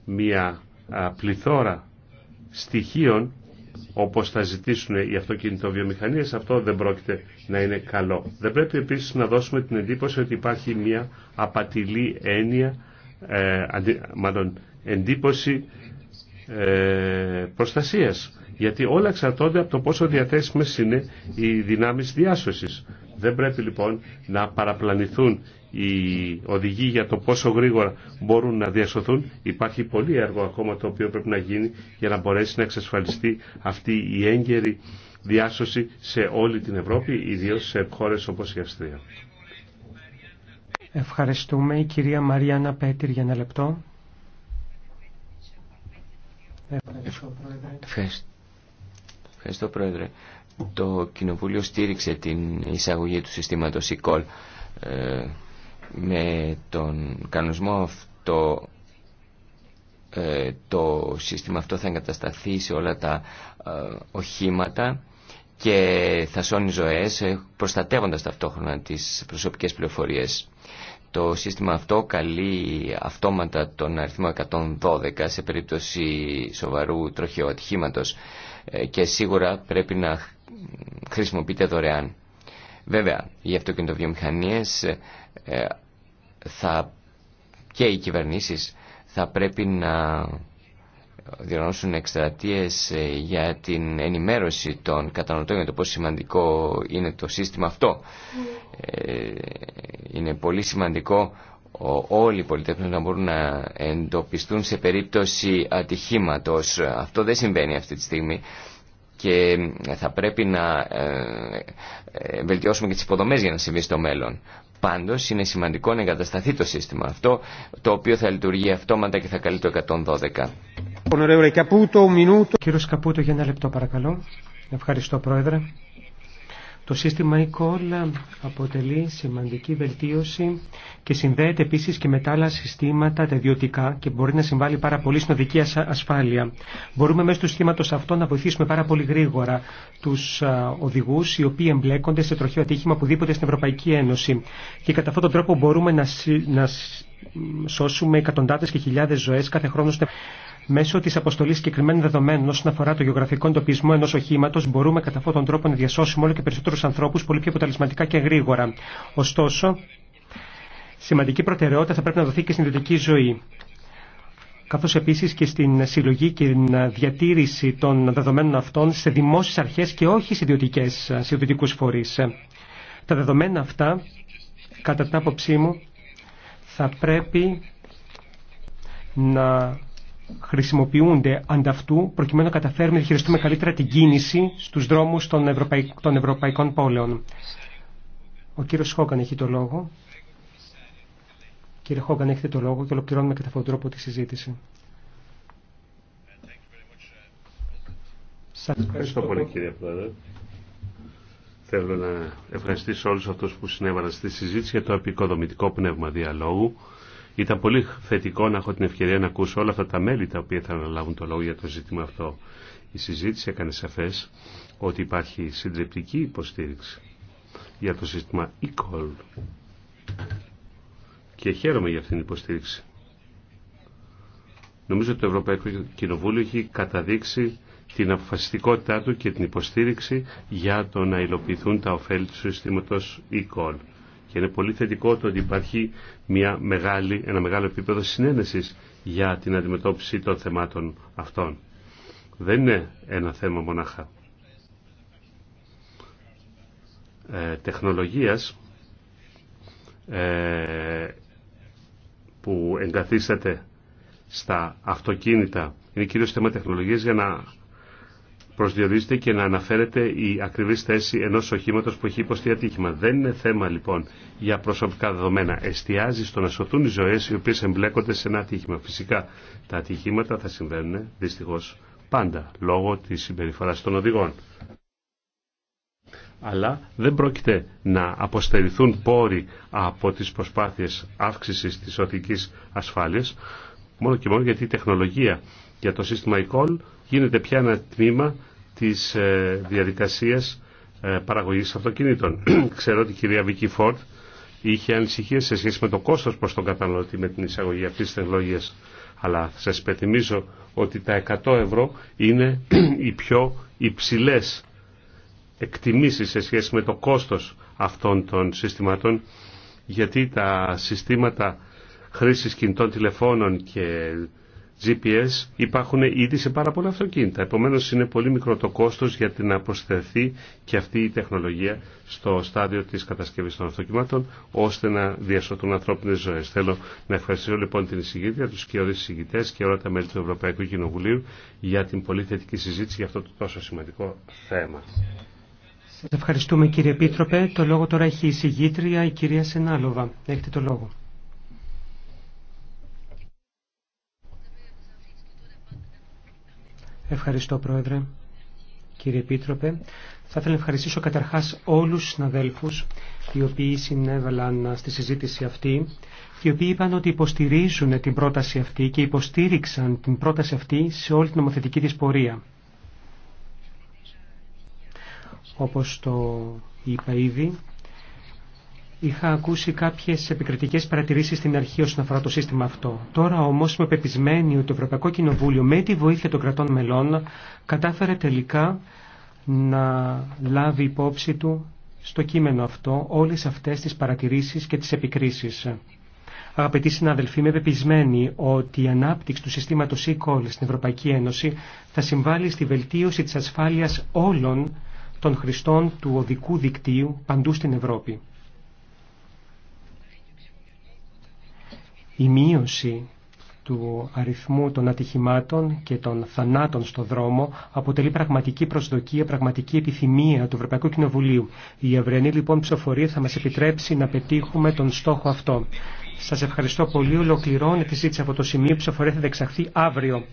A: μία πληθώρα στοιχείων όπως θα ζητήσουν οι αυτοκινητοβιομηχανίες, αυτό δεν πρόκειται να είναι καλό. Δεν πρέπει επίσης να δώσουμε την εντύπωση ότι υπάρχει μια απατηλή έννοια, ε, αντι, μάλλον εντύπωση ε, προστασίας. Γιατί όλα εξαρτώνται από το πόσο διαθέσιμες είναι οι δυνάμεις διάσωσης. Δεν πρέπει λοιπόν να παραπλανηθούν οι οδηγοί για το πόσο γρήγορα μπορούν να διασωθούν. Υπάρχει πολύ έργο ακόμα το οποίο πρέπει να γίνει για να μπορέσει να εξασφαλιστεί αυτή η έγκαιρη διάσωση σε όλη την Ευρώπη, ιδίως σε χώρες όπως η Αυστρία.
B: Ευχαριστούμε. Η κυρία Μαριάννα Πέτυρ για ένα λεπτό.
D: Ευχαριστώ, Πρόεδρε το Κοινοβούλιο στήριξε την εισαγωγή του συστήματος e ε, με τον κανονισμό αυτό ε, το σύστημα αυτό θα εγκατασταθεί σε όλα τα ε, οχήματα και θα σώνει ζωές ε, προστατεύοντας ταυτόχρονα τις προσωπικές πληροφορίες. Το σύστημα αυτό καλεί αυτόματα τον αριθμό 112 σε περίπτωση σοβαρού τροχαίου ατυχήματος και σίγουρα πρέπει να χρησιμοποιείται δωρεάν. Βέβαια, οι αυτοκινητοβιομηχανίες ε, θα, και οι κυβερνήσεις θα πρέπει να διοργανώσουν εκστρατείες ε, για την ενημέρωση των καταναλωτών για το πόσο σημαντικό είναι το σύστημα αυτό. Ε, είναι πολύ σημαντικό όλοι οι πολιτές να μπορούν να εντοπιστούν σε περίπτωση ατυχήματος. Αυτό δεν συμβαίνει αυτή τη στιγμή και ε, θα πρέπει να ε, ε, βελτιώσουμε και τις υποδομές για να συμβεί στο μέλλον. Πάντως είναι σημαντικό να εγκατασταθεί το σύστημα αυτό, το οποίο θα λειτουργεί αυτόματα και θα καλεί το 112.
B: Καπούτο, για ένα λεπτό παρακαλώ. Ευχαριστώ Πρόεδρε. Το σύστημα αποτελεί σημαντική βελτίωση και συνδέεται επίση και με τα άλλα συστήματα, τα ιδιωτικά και μπορεί να συμβάλλει πάρα πολύ στην οδική ασφάλεια. Μπορούμε μέσω του συστήματο αυτό να βοηθήσουμε πάρα πολύ γρήγορα του οδηγού οι οποίοι εμπλέκονται σε τροχαίο ατύχημα οπουδήποτε στην Ευρωπαϊκή Ένωση. Και κατά αυτόν τον τρόπο μπορούμε να σώσουμε εκατοντάδε και χιλιάδε ζωέ κάθε χρόνο. Μέσω τη αποστολή συγκεκριμένων δεδομένων όσον αφορά το γεωγραφικό εντοπισμό ενό οχήματο, μπορούμε κατά αυτόν τον τρόπο να διασώσουμε όλο και περισσότερου ανθρώπου πολύ πιο αποτελεσματικά και γρήγορα. Ωστόσο, σημαντική προτεραιότητα θα πρέπει να δοθεί και στην ιδιωτική ζωή καθώς επίσης και στην συλλογή και την διατήρηση των δεδομένων αυτών σε δημόσιες αρχές και όχι σε, ιδιωτικές, σε ιδιωτικούς φορείς. Τα δεδομένα αυτά, κατά την άποψή μου, θα πρέπει να χρησιμοποιούνται ανταυτού προκειμένου να καταφέρουμε να χειριστούμε καλύτερα την κίνηση στους δρόμους των, ευρωπαϊκών πόλεων. Ο κύριος Χόγκαν έχει το λόγο. Κύριε Χόγκαν, έχετε το λόγο και ολοκληρώνουμε κατά αυτόν τον τρόπο τη συζήτηση. Σας ευχαριστώ πολύ
A: κύριε Πρόεδρε. Θέλω να ευχαριστήσω όλους αυτούς που συνέβαλαν στη συζήτηση για το επικοδομητικό πνεύμα διαλόγου ήταν πολύ θετικό να έχω την ευκαιρία να ακούσω όλα αυτά τα μέλη τα οποία θα αναλάβουν το λόγο για το ζήτημα αυτό. Η συζήτηση έκανε σαφές ότι υπάρχει συντριπτική υποστήριξη για το σύστημα e-call και χαίρομαι για αυτήν την υποστήριξη. Νομίζω ότι το Ευρωπαϊκό Κοινοβούλιο έχει καταδείξει την αποφασιστικότητά του και την υποστήριξη για το να υλοποιηθούν τα ωφέλη του συστήματος e-call. Και είναι πολύ θετικό το ότι υπάρχει μια μεγάλη, ένα μεγάλο επίπεδο συνένεσης για την αντιμετώπιση των θεμάτων αυτών. Δεν είναι ένα θέμα μονάχα ε, τεχνολογίας ε, που εγκαθίσταται στα αυτοκίνητα. Είναι κυρίως θέμα τεχνολογίας για να προσδιορίζεται και να αναφέρεται η ακριβής θέση ενό οχήματο που έχει υποστεί ατύχημα. Δεν είναι θέμα λοιπόν για προσωπικά δεδομένα. Εστιάζει στο να σωθούν οι ζωέ οι οποίε εμπλέκονται σε ένα ατύχημα. Φυσικά τα ατυχήματα θα συμβαίνουν δυστυχώ πάντα λόγω της συμπεριφορά των οδηγών. Αλλά δεν πρόκειται να αποστερηθούν πόροι από τις προσπάθειες αύξησης της οδικής ασφάλειας μόνο και μόνο γιατί η τεχνολογία για το σύστημα γίνεται πια ένα τμήμα της ε, διαδικασίας ε, παραγωγής αυτοκινήτων. [clears throat] Ξέρω ότι η κυρία Βίκη Φόρτ είχε ανησυχίες σε σχέση με το κόστος προς τον καταναλωτή με την εισαγωγή αυτής της τεχνολογίας. Αλλά σας υπενθυμίζω ότι τα 100 ευρώ είναι [clears throat] οι πιο υψηλές εκτιμήσεις σε σχέση με το κόστος αυτών των συστημάτων γιατί τα συστήματα χρήσης κινητών τηλεφώνων και GPS υπάρχουν ήδη σε πάρα πολλά αυτοκίνητα. Επομένως είναι πολύ μικρό το κόστος για να προσθεθεί και αυτή η τεχνολογία στο στάδιο της κατασκευής των αυτοκινήτων ώστε να διασωθούν ανθρώπινες ζωές. Θέλω να ευχαριστήσω λοιπόν την εισηγήτρια, τους και εισηγητές και όλα τα μέλη του Ευρωπαϊκού Κοινοβουλίου για την πολύ θετική συζήτηση για αυτό το τόσο σημαντικό θέμα.
B: Σας ευχαριστούμε κύριε Επίτροπε. Το λόγο τώρα έχει η εισηγήτρια η κυρία Σενάλοβα. Έχετε το λόγο. Ευχαριστώ Πρόεδρε, κύριε Επίτροπε. Θα ήθελα να ευχαριστήσω καταρχάς όλους τους συναδέλφους οι οποίοι συνέβαλαν στη συζήτηση αυτή, και οι οποίοι είπαν ότι υποστηρίζουν την πρόταση αυτή και υποστήριξαν την πρόταση αυτή σε όλη την νομοθετική της πορεία. Όπως το είπα ήδη, Είχα ακούσει κάποιε επικριτικέ παρατηρήσει στην αρχή όσον αφορά το σύστημα αυτό. Τώρα όμω είμαι πεπισμένη ότι το Ευρωπαϊκό Κοινοβούλιο με τη βοήθεια των κρατών μελών κατάφερε τελικά να λάβει υπόψη του στο κείμενο αυτό όλε αυτέ τι παρατηρήσει και τις επικρίσεις. Αγαπητοί συνάδελφοι, είμαι πεπισμένη ότι η ανάπτυξη του συστηματο e e-call στην Ευρωπαϊκή Ένωση θα συμβάλλει στη βελτίωση τη ασφάλεια όλων των χρηστών του οδικού δικτύου παντού στην Ευρώπη. η μείωση του αριθμού των ατυχημάτων και των θανάτων στο δρόμο αποτελεί πραγματική προσδοκία, πραγματική επιθυμία του Ευρωπαϊκού Κοινοβουλίου. Η αυριανή λοιπόν ψηφοφορία θα μας επιτρέψει να πετύχουμε τον στόχο αυτό. Σας ευχαριστώ πολύ. Ολοκληρώνεται η ζήτηση από το σημείο. Η ψηφοφορία θα δεξαχθεί αύριο.